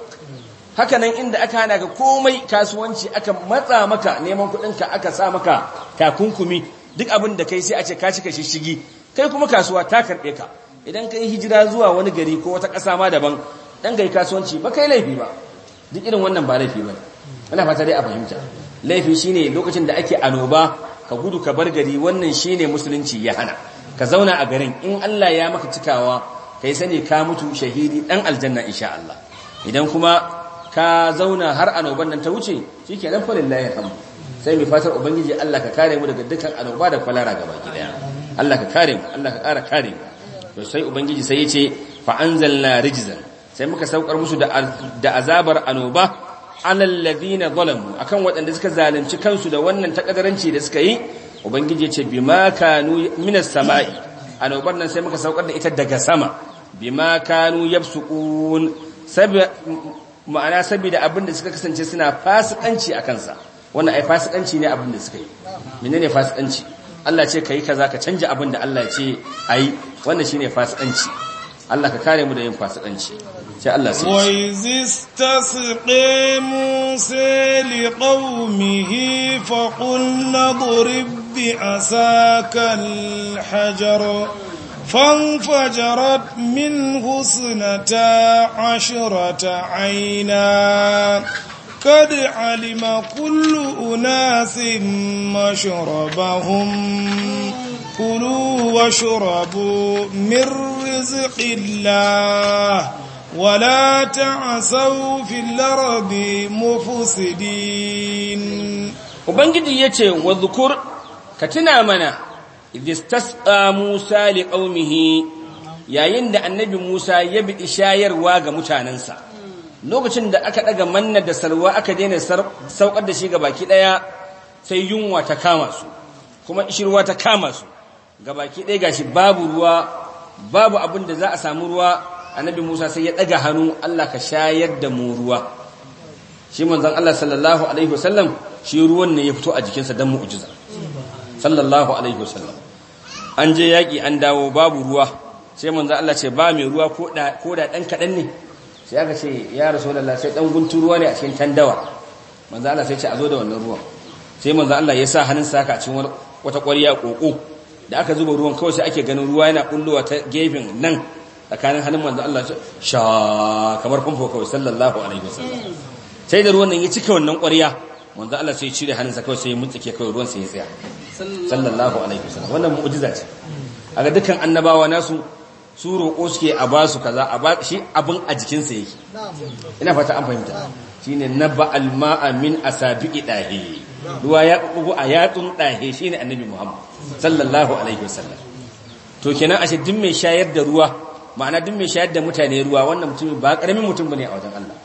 haka nan inda aka hana ka komai kasuwanci aka matsa maka neman kuɗinka aka sa maka takunkumi duk abin da kai sai a ce ka cika shishigi kai kuma kasuwa ta karɓe ka idan kai hijira zuwa wani gari ko wata ƙasa ma daban dan gai kasuwanci ba kai laifi ba duk irin wannan ba laifi ba ana fata dai a fahimta laifi shine lokacin da ake anoba ka gudu ka bar gari wannan shine musulunci ya hana ka zauna a garin in Allah ya maka cikawa kai sani ka mutu shahidi dan aljanna insha Allah idan kuma ka zauna har anoban nan ta wuce shikenan fa lillahi alhamdu sai mai fatar ubangiji Allah ka kare mu daga dukkan annoba da kwalara gaba daya Allah ka kare mu Allah ka kara kare mu to sai ubangiji sai ya ce fa anzalna rijzan sai muka saukar musu da da azabar annoba alal ladina zalamu akan waɗanda suka zalunci kansu da wannan takadaranci da suka yi ubangiji ya ce bima kanu minas samai annobar nan sai muka saukar da ita daga sama bima kanu yabsuqun ma'ana saboda abin da suka kasance suna fasikanci a kansa wannan ai fasikanci ne abin da suka yi menene fasikanci Allah ce kai kaza ka canja abin da Allah ce ai wannan shine fasikanci Allah ka kare mu da yin fasikanci sai Allah sai wa izistasqi musa qaumihi fa qulna durib bi asaka hajar فانفجرت منه سنة عشرة عينا قد علم كل أناس مشربهم كلوا واشربوا من رزق الله ولا تعسوا في الأرض مفسدين Ubangiji ya ce wa ka tuna mana idistasqa Musa liqaumihi yayin da annabi Musa ya biɗi shayarwa ga mutanansa lokacin da aka daga manna da salwa aka daina saukar da shi ga baki daya sai yunwa ta kama su kuma ishirwa ta kama su ga baki daya gashi babu ruwa babu abin da za a samu ruwa annabi Musa sai ya daga hannu Allah ka shayar da mu ruwa shi manzon Allah sallallahu alaihi wasallam shi ruwan ne ya fito a jikinsa dan mu'jiza sallallahu alaihi wasallam an je yaki an dawo babu ruwa sai manzon Allah ce ba mai ruwa ko da ko da dan kadan ne sai aka ce ya rasulullah sai dan guntun ruwa ne a cikin tandawa manzo Allah sai ce a zo da wannan ruwan sai manzo Allah ya sa hannun saka a cikin wata ƙwariya koko da aka zuba ruwan kawai sai ake ganin ruwa yana kullowa ta gefen nan tsakanin hannun manzo Allah sha kamar kumfo kawai sallallahu alaihi wasallam sai da ruwan nan ya cika wannan ƙwariya manzo Allah sai ya cire sa kawai sai ya mutsike kawai ruwan sai ya tsaya sallallahu alaihi wasallam wannan mu'jiza ce aga dukkan annabawa nasu su roƙo suke a ba su kaza a ba shi abin a jikinsa yake ina fata an fahimta shine naba alma'a min asabi'i dahi ruwa ya bugu a yatsun dahi shine annabi muhammad sallallahu alaihi wasallam to kenan ashe duk mai shayar da ruwa ma'ana duk mai shayar da mutane ruwa wannan mutum ba karamin mutum bane a wajen Allah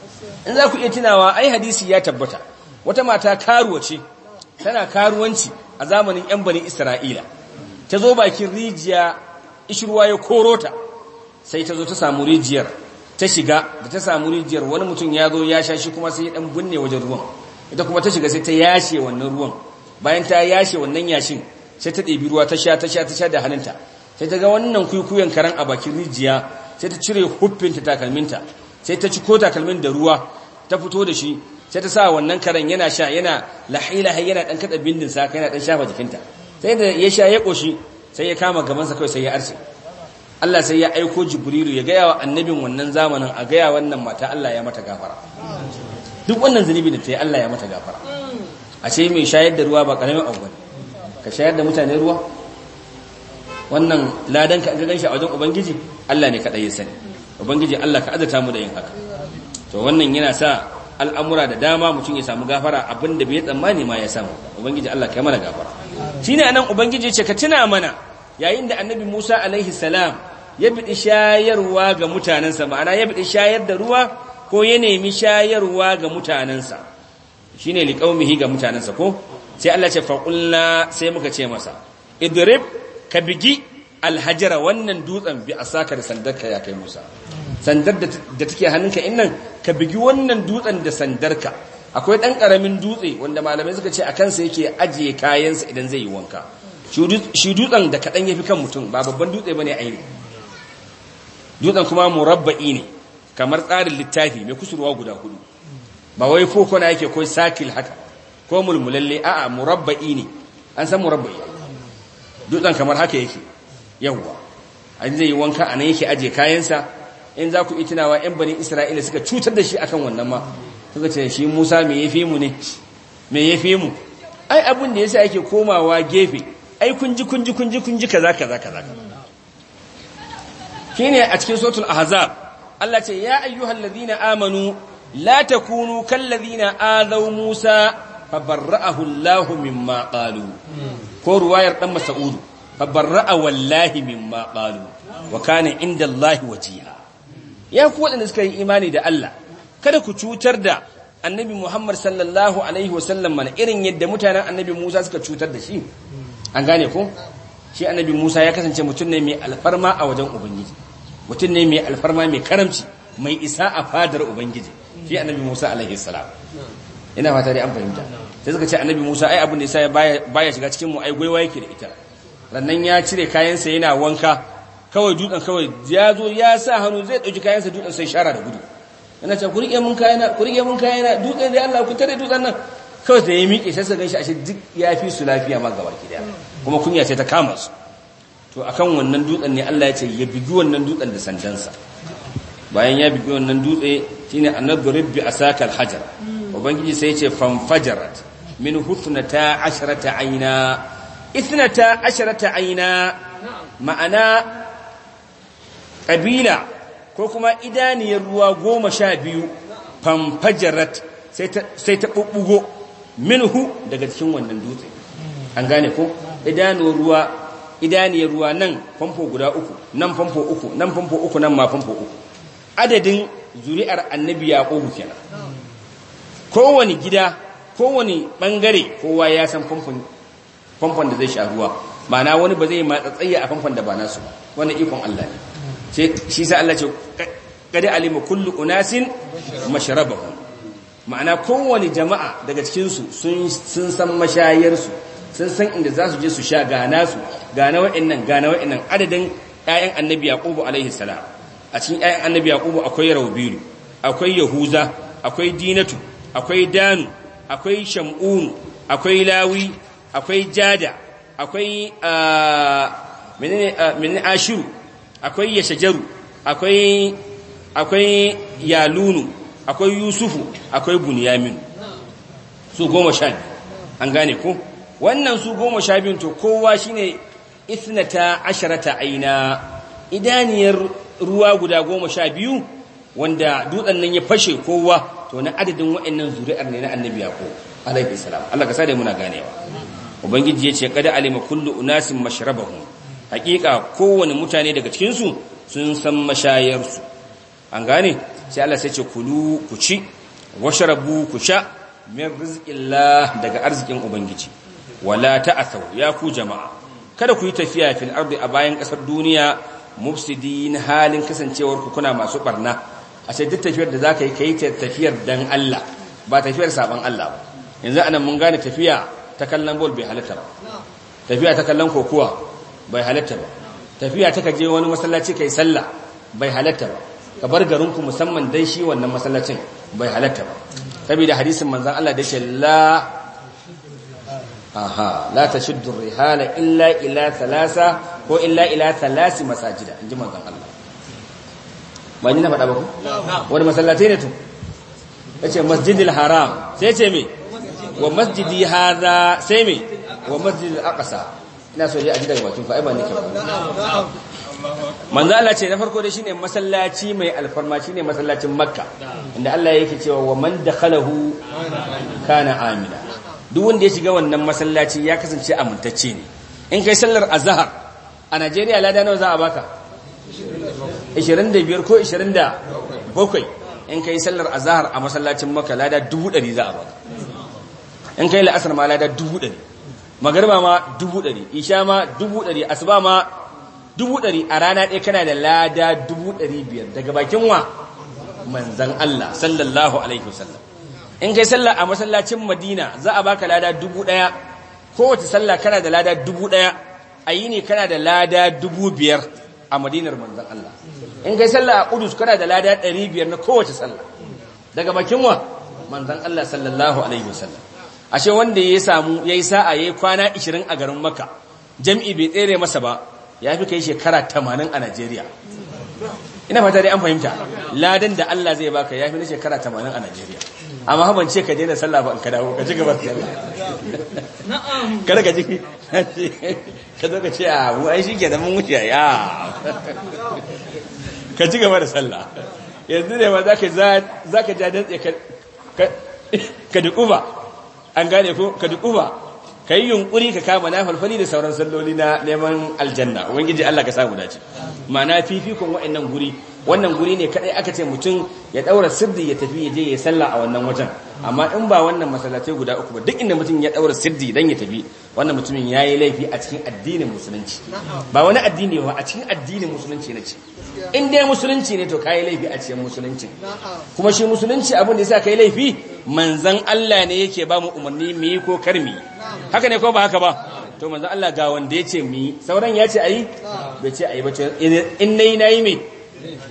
in za ku iya tunawa ai hadisi ya tabbata wata mata karuwa ce tana karuwanci a zamanin yan bani isra'ila ta zo bakin rijiya ishirwa ya koro ta sai ta zo ta samu rijiyar ta shiga da ta samu rijiyar wani mutum ya zo ya sha shi kuma sai ya dan binne wajen ruwan ita kuma ta shiga sai ta yashe wannan ruwan bayan ta yashe wannan yashin sai ta ɗebi ruwa ta sha ta sha ta sha da hannunta sai ta ga wannan kuikuyen karan a bakin rijiya sai ta cire huffinta takalminta sai ta ci ko takalmin da ruwa ta fito da shi sai ta sa wannan karan yana sha yana lahila yana dan kada bindin sa yana dan shafa jikinta sai da ya sha ya koshi sai ya kama gabansa kawai sai ya arce Allah sai ya aiko jibrilu ya gaya wa annabin wannan zamanin a gaya wannan mata Allah ya mata gafara duk wannan zunubi da ta yi Allah ya mata gafara a ce mai shayar da ruwa ba karamin abu bane ka shayar da mutane ruwa wannan ladan ka ga ganshi a wajen ubangiji Allah ne ka ya sani ubangiji Allah ka azata mu da yin haka to wannan yana sa al'amura da dama mutum ya samu gafara abinda bai tsammani ma ya samu ubangiji Allah ka yi mana gafara shine anan ubangiji ce ka tuna mana yayin da annabi Musa alaihi salam ya bidi shayarwa ga mutanensa ma'ana ya bidi shayar da ruwa ko ya nemi shayarwa ga mutanensa shine liqaumihi ga mutanensa ko sai Allah ce faqulna sai muka ce masa idrib ka bigi alhajara wannan dutsen bi asaka da sandarka ya kai Musa sandar da take hannunka innan ka bigi wannan dutsen da sandarka akwai ɗan ƙaramin dutse wanda malamai suka ce a kansa yake ajiye kayansa idan zai yi wanka shi dutsen da kaɗan ya fi kan mutum ba babban dutse ba ne a yi dutsen kuma murabba'i ne kamar tsarin littafi mai kusurwa guda hudu ba wai fokona yake kai sakil haka ko mulmulalle a'a murabba'i ne an san murabba'i dutsen kamar haka yake yawwa an zai yi wanka a nan yake ajiye kayansa in za ku itinawa 'yan banin isra'ila suka cutar da shi akan wannan ma suka ce shi Musa me fi mu ne me fi mu ai abin da yasa yake komawa gefe ai kunji kunji kunji kunji kaza kaza kaza shine a cikin suratul ahzab Allah ce ya ayyuhal ladina amanu la takunu kal ladina adaw Musa fabarra'ahu Allah mimma qalu ko ruwayar dan Mas'ud fabarra'a wallahi mimma qalu wa kana inda Allah wajiha ya ku wadanda suka yi imani da Allah kada ku cutar da annabi Muhammad sallallahu alaihi wasallam mana irin yadda mutanen annabi Musa suka cutar da shi an gane ko shi annabi Musa ya kasance mutum ne mai alfarma a wajen ubangiji mutum ne mai alfarma mai karamci mai isa a fadar ubangiji shi annabi Musa alaihi salam ina fata dai an fahimta sai suka ce annabi Musa ai abin da yasa baya shiga cikin mu ai gwaiwa yake da ita rannan ya cire kayansa yana wanka kawai dutsen kawai ya zo ya sa hannu zai ɗauki kayansa dutsen sai shara da gudu yana ce ku rike mun kayana ku rike mun kayana dutsen da Allah ku tare dutsen nan kawai da ya miƙe sai su ganshi ashe duk ya fi su lafiya ma gaba ki daya kuma kunya ce ta kama su to akan wannan dutsen ne Allah ya ce ya bigi wannan dutsen da sandansa bayan ya bigi wannan dutse shine anadrib bi asaka alhajar ubangiji sai ya ce fanfajarat min huthnata asharata aina ithnata asharata aina ma'ana kabila ko kuma idaniyar ruwa goma sha biyu famfajarat sai ta ɓuɓɓugo minhu daga cikin wannan dutse an gane ko idaniyar ruwa nan famfo guda uku nan famfo uku nan famfo uku nan ma famfo uku adadin zuri'ar annabi yaqubu kenan kowane gida kowane ɓangare kowa ya san famfon da zai sha ruwa mana wani ba zai ma a famfon da ba nasu wani ikon Allah ne shi sa Allah ce kada alimu kullu unasin masharabahum ma'ana kowani jama'a daga cikin su sun san mashayar su sun san inda za su je su sha gana su gana wa'annan gana wa'annan adadin ƴaƴan annabi yaqubu alaihi salam a cikin ƴaƴan annabi yaqubu akwai rawbilu akwai yahuza akwai dinatu akwai danu akwai shamun akwai lawi akwai jada akwai ah, menene ah, menene ashiru akwai shajaru akwai ya yalunu akwai yusufu akwai buniyamin su goma sha biyu an gane ko wannan su goma sha biyun to kowa shine isnata asharata aina idaniyar ruwa guda goma sha biyu wanda dutsen nan ya fashe kowa to na adadin wa'annan zuri'ar ne na annabi ko alaihi salam Allah ka sa da muna ganewa ubangiji ya ce kada alima kullu unasin mashrabahum hakika kowane mutane daga cikin su sun san mashayar su an gane sai Allah sai ce kulu ku ci washrabu ku sha min rizqillah daga arzikin ubangiji wala asau ya ku jama'a kada ku yi tafiya fil ardi a bayan kasar duniya mufsidin halin kasancewar ku kuna masu barna a sai duk tafiyar da zaka yi kai tafiyar dan Allah ba tafiyar saban Allah ba yanzu anan mun gane tafiya ta kallon bol bai halatta ba tafiya ta kallon kokuwa bai halatta ba tafiya ta kaje wani masallaci kai sallah bai halatta ba ka bar garinku musamman dan shi wannan masallacin bai halatta ba saboda hadisin manzon Allah da yake la aha la tashuddu rihala illa ila thalasa ko illa ila thalasi masajida inji manzon Allah ba ni na faɗa ba ku wani masallaci ne to yace masjidil haram sai ce me wa masjidi hadha sai me wa masjidil aqsa ina so dai a ji daga bakin ku ai ba nake manzo Allah ce na farko dai shine masallaci mai alfarma shine masallacin makka inda Allah yake cewa wa man dakhalahu kana amina duk wanda ya shiga wannan masallaci ya kasance amintacce ne in kai sallar azhar a Najeriya lada nawa za a baka 25 ko 27 in kai sallar azhar a masallacin makka lada 200 za a baka in kai la'asar ma lada 200 magarba ma dubu ɗari isha ma dubu ɗari asuba ma dubu ɗari a rana ɗaya kana da lada dubu ɗari biyar daga bakin wa manzan Allah sallallahu alaihi wasallam in kai sallah a masallacin madina za a baka lada dubu ɗaya kowace sallah kana da lada dubu ɗaya a yi ne kana da lada dubu biyar a madinar manzan Allah in kai sallah a kudus kana da lada ɗari biyar na kowace sallah daga bakin wa manzan Allah sallallahu alaihi wasallam ashe wanda ya samu ya yi sa'a ya yi kwana 20 a garin maka jam'i bai tsere masa ba ya fi kai shekara 80 a najeriya ina fata dai an fahimta ladin da allah zai baka ya fi na shekara 80 a najeriya amma haban ce ka daina sallah ba ka dawo ka ji gabar da na'am kada ka ji ka zo ka ce a ah, mu ai shi ke da mun wuce ya ka ji gabar sallah yanzu ne ma za ka ja dantse ka dukuba an gane ko ka dukuba ka yi yunkuri ka kama na falfali da sauran salloli na neman aljanna ubangiji Allah ka samu dace ma'ana fifikon wa'annan guri wannan guri ne kadai aka ce mutum ya daura sirdi ya tafi ya je ya salla a wannan wajen amma in ba wannan masallatai guda uku ba duk inda mutum ya daura sirdi dan ya tafi wannan mutumin yayi laifi a cikin addinin musulunci ba wani addini ba a cikin addinin musulunci ne ce in dai musulunci ne to kayi laifi a cikin musulunci kuma shi musulunci abin da yasa kayi laifi Manzan Allah ne yake ba mu umarni mu yi ko kar mu haka ne ko ba haka ba to manzon Allah ga wanda yace mu yi sauran yace ayi bai ce ayi ba ce in nayi nayi me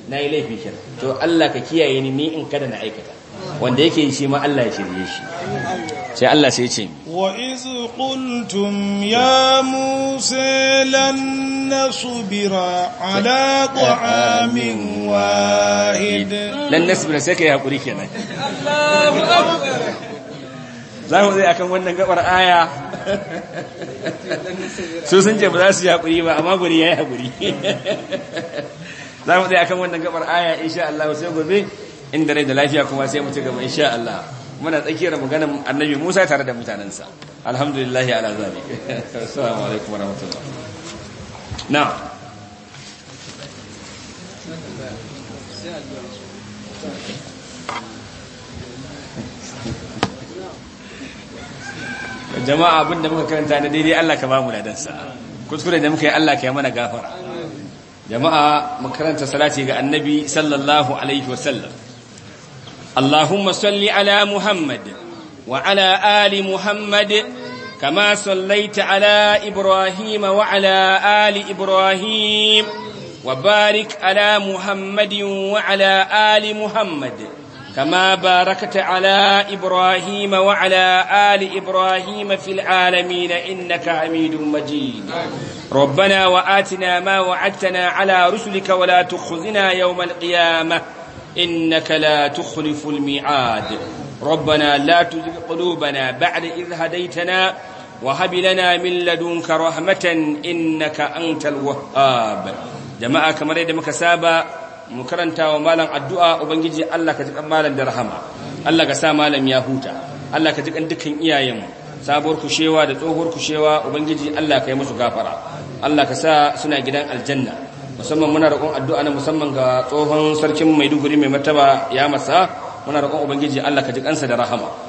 nayi laifi kenan to Allah ka kiyaye ni ni in kada na aikata wanda yake yi shi ma Allah ya shirye shi sai Allah sai ya ce wa iz qultum ya musa lan نصبر على طعام واحد لن نصبر سيكي يا قريك يا za mu zai akan wannan gabar aya su sun ce ba za su yi haƙuri ba amma guri ya yi haƙuri za mu zai akan wannan gabar aya insha Allah sai gobe inda rai da lafiya kuma sai mu ci gaba insha Allah muna tsakiyar maganar annabi Musa tare da mutanansa alhamdulillah ala zabi assalamu alaikum warahmatullahi na jama'a abin da muka karanta na daidai Allah ka ba mu ladansa kuskure da muka yi Allah ka yi mana gafara jama'a mu karanta salati ga annabi sallallahu alaihi wasallam Allahumma salli ala Muhammad wa ala ali Muhammad كما صليت على إبراهيم وعلى آل إبراهيم وبارك على محمد وعلى آل محمد كما باركت على إبراهيم وعلى آل إبراهيم في العالمين إنك حميد مجيد ربنا وآتنا ما وعدتنا على رسلك ولا تخزنا يوم القيامة إنك لا تخلف الميعاد ربنا لا تزغ قلوبنا بعد إذ هديتنا وهب لنا من لدنك رحمة إنك أنت الوهاب جماعة كما ريد مكسابة مكرنتا ومالا الدعاء وبنجي الله كتك مالا درهما الله كسا مالا يهوتا الله كتك أندك إيايم sabuwar kushewa da tsohuwar kushewa ubangiji Allah ka yi musu gafara Allah ka sa suna gidan aljanna musamman muna roƙon addu'a na musamman ga tsohon sarkin Maiduguri mai mataba ya masa muna roƙon ubangiji Allah ka ji kansa da rahama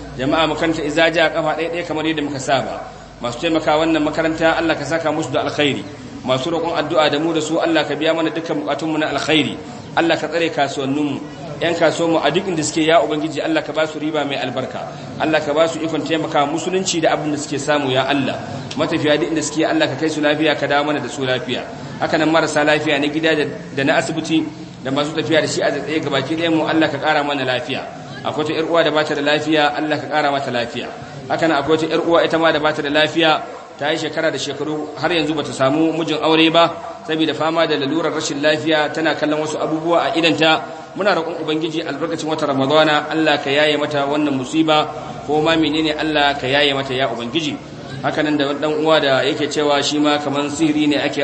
jama'a makaranta iza ja kafa ɗaya ɗaya kamar yadda muka saba masu taimaka wannan makaranta Allah ka saka musu da alkhairi masu roƙon addu'a da mu da su Allah ka biya mana dukkan bukatunmu na alkhairi Allah ka tsare kasuwanninmu yan mu a duk inda suke ya ubangiji Allah ka ba su riba mai albarka Allah ka ba su ikon taimaka musulunci da abin da suke samu ya Allah matafiya duk inda suke Allah ka kai su lafiya ka dawo mana da su lafiya haka nan marasa lafiya na gida da na asibiti da masu tafiya da shi a tsaye baki ɗaya mu Allah ka ƙara mana lafiya akwai ta uwa da bata da lafiya Allah ka kara mata lafiya haka nan akwai ta uwa ita ma da bata da lafiya ta yi shekara da shekaru har yanzu bata samu mijin aure ba saboda fama da lalurar rashin lafiya tana kallon wasu abubuwa a idanta muna roƙon ubangiji albarkacin wata ramadana Allah ka yaye mata wannan musiba ko ma menene Allah ka yaye mata ya ubangiji haka nan da dan uwa da yake cewa shi ma kaman sihiri ne ake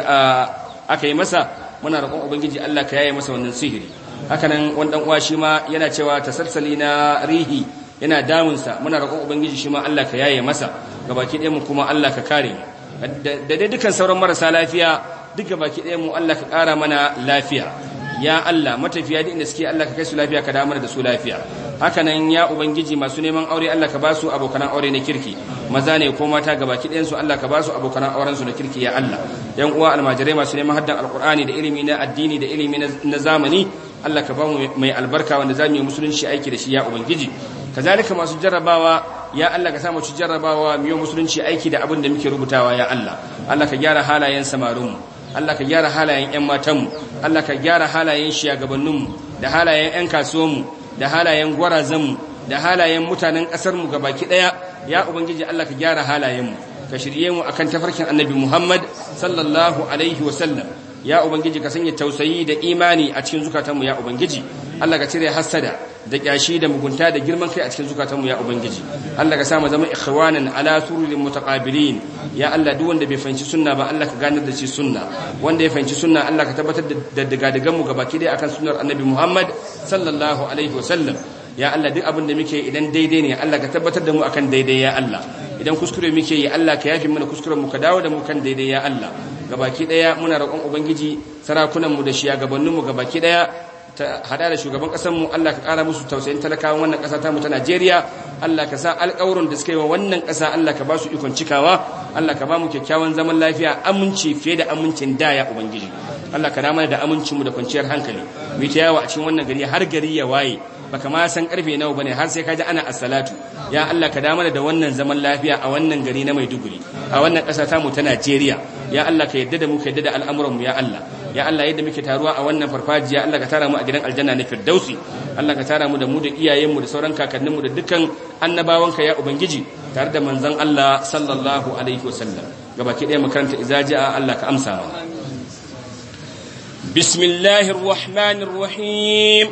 aka yi masa muna roƙon ubangiji Allah ka yaye masa wannan sihiri hakanan wani ɗan uwa shi ma yana cewa sarsali na rihi yana damunsa muna raƙon ubangiji shi ma Allah ka yaye masa baki ɗaya mu kuma Allah ka kare da dai dukan sauran marasa lafiya duk baki ɗaya mu Allah ka ƙara mana lafiya ya Allah matafiya duk inda suke Allah ka kai su lafiya ka damar da su lafiya hakanan ya ubangiji masu neman aure Allah ka ba su abokan aure na kirki maza ne ko mata baki ɗayan su Allah ka ba su abokan auren su na kirki ya Allah yan uwa almajirai masu neman haddan alqur'ani da ilimi na addini da ilimi na zamani Allah ka ba mu mai albarka wanda za mu yi musulunci aiki da shi ya ubangiji kazalika masu jarrabawa ya Allah ka sa mu ci jarrabawa mu yi musulunci aiki da abin da muke rubutawa ya Allah Allah ka gyara halayen samarinmu Allah ka gyara halayen ƴan matanmu Allah ka gyara halayen shiyagabanninmu da halayen ƴan kasuwanmu da halayen gwarazanmu da halayen mutanen ƙasarmu gabaki ɗaya ya ubangiji Allah ka gyara halayenmu ka shirye mu akan tafarkin annabi Muhammad sallallahu alaihi wa ya ubangiji ka sanya tausayi da imani a cikin zukatanmu ya ubangiji Allah ka cire hasada da kyashi da mugunta da girman kai a cikin zukatanmu ya ubangiji Allah ka sa mu zama ikhwanan ala surulil mutaqabilin ya Allah duk wanda bai fanci sunna ba Allah ka ganar da shi sunna wanda ya fanci sunna Allah ka tabbatar da daga daga mu gabaki dai akan sunnar annabi Muhammad sallallahu alaihi wasallam ya Allah duk abin da muke idan daidai ne Allah ka tabbatar da mu akan daidai ya Allah idan kuskure muke yi Allah ka yafi mana kuskuren mu ka dawo da mu kan daidai ya Allah gabaki daya muna roƙon ubangiji sarakunanmu da shugabanninmu gabaki daya ta hada da shugaban ƙasarmu Allah ka ƙara musu tausayin talakawan wannan ƙasa mu ta Najeriya Allah ka sa alƙawarin da suka yi wa wannan ƙasa Allah ka ba su ikon cikawa Allah ka ba mu kyakkyawan zaman lafiya aminci fiye da amincin da ya ubangiji Allah ka damar da amincinmu da kwanciyar hankali mu ta yawa a cikin wannan gari har gari ya waye baka ma san karfe nawa bane har sai ka ji ana assalatu ya Allah ka damana da wannan zaman lafiya a wannan gari na Maiduguri a wannan ƙasa mu ta Najeriya ya Allah ka yadda da mu ka yadda da al'amuran mu ya Allah ya Allah yadda muke taruwa a wannan farfajiya Allah ka tara mu a gidan aljanna na firdausi Allah ka tara mu da mu da iyayen mu da sauran kakannin mu da dukkan annabawan ka ya ubangiji tare da manzon Allah sallallahu alaihi wasallam gabaki ɗaya makaranta izaji'a Allah ka amsa mana بسم الله الرحمن الرحيم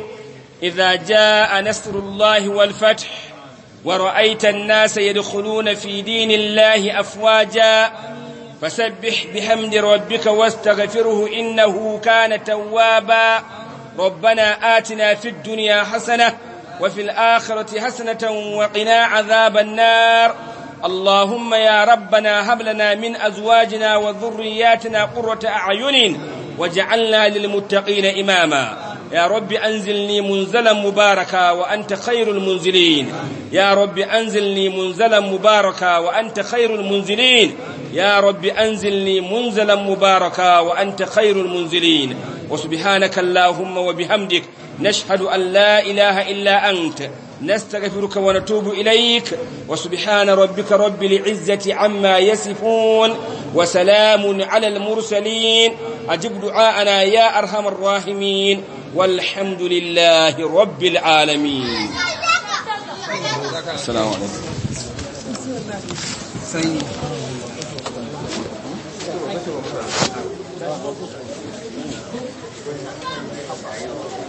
إذا جاء نصر الله والفتح ورأيت الناس يدخلون في دين الله أفواجا فسبح بحمد ربك واستغفره إنه كان توابا ربنا آتنا في الدنيا حسنة وفي الآخرة حسنة وقنا عذاب النار اللهم يا ربنا هب لنا من أزواجنا وذرياتنا قرة أعين واجعلنا للمتقين إماماً يا رب أنزلني منزلا مباركا وأنت خير المنزلين يا رب أنزلني منزلا مباركا وأنت خير المنزلين يا رب أنزلني منزلا مباركا وأنت خير المنزلين وسبحانك اللهم وبحمدك نشهد أن لا إله إلا أنت نستغفرك ونتوب إليك وسبحان ربك رب العزة عما يصفون وسلام على المرسلين أجب دعاءنا يا أرحم الراحمين والحمد لله رب العالمين السلام عليكم Thank you.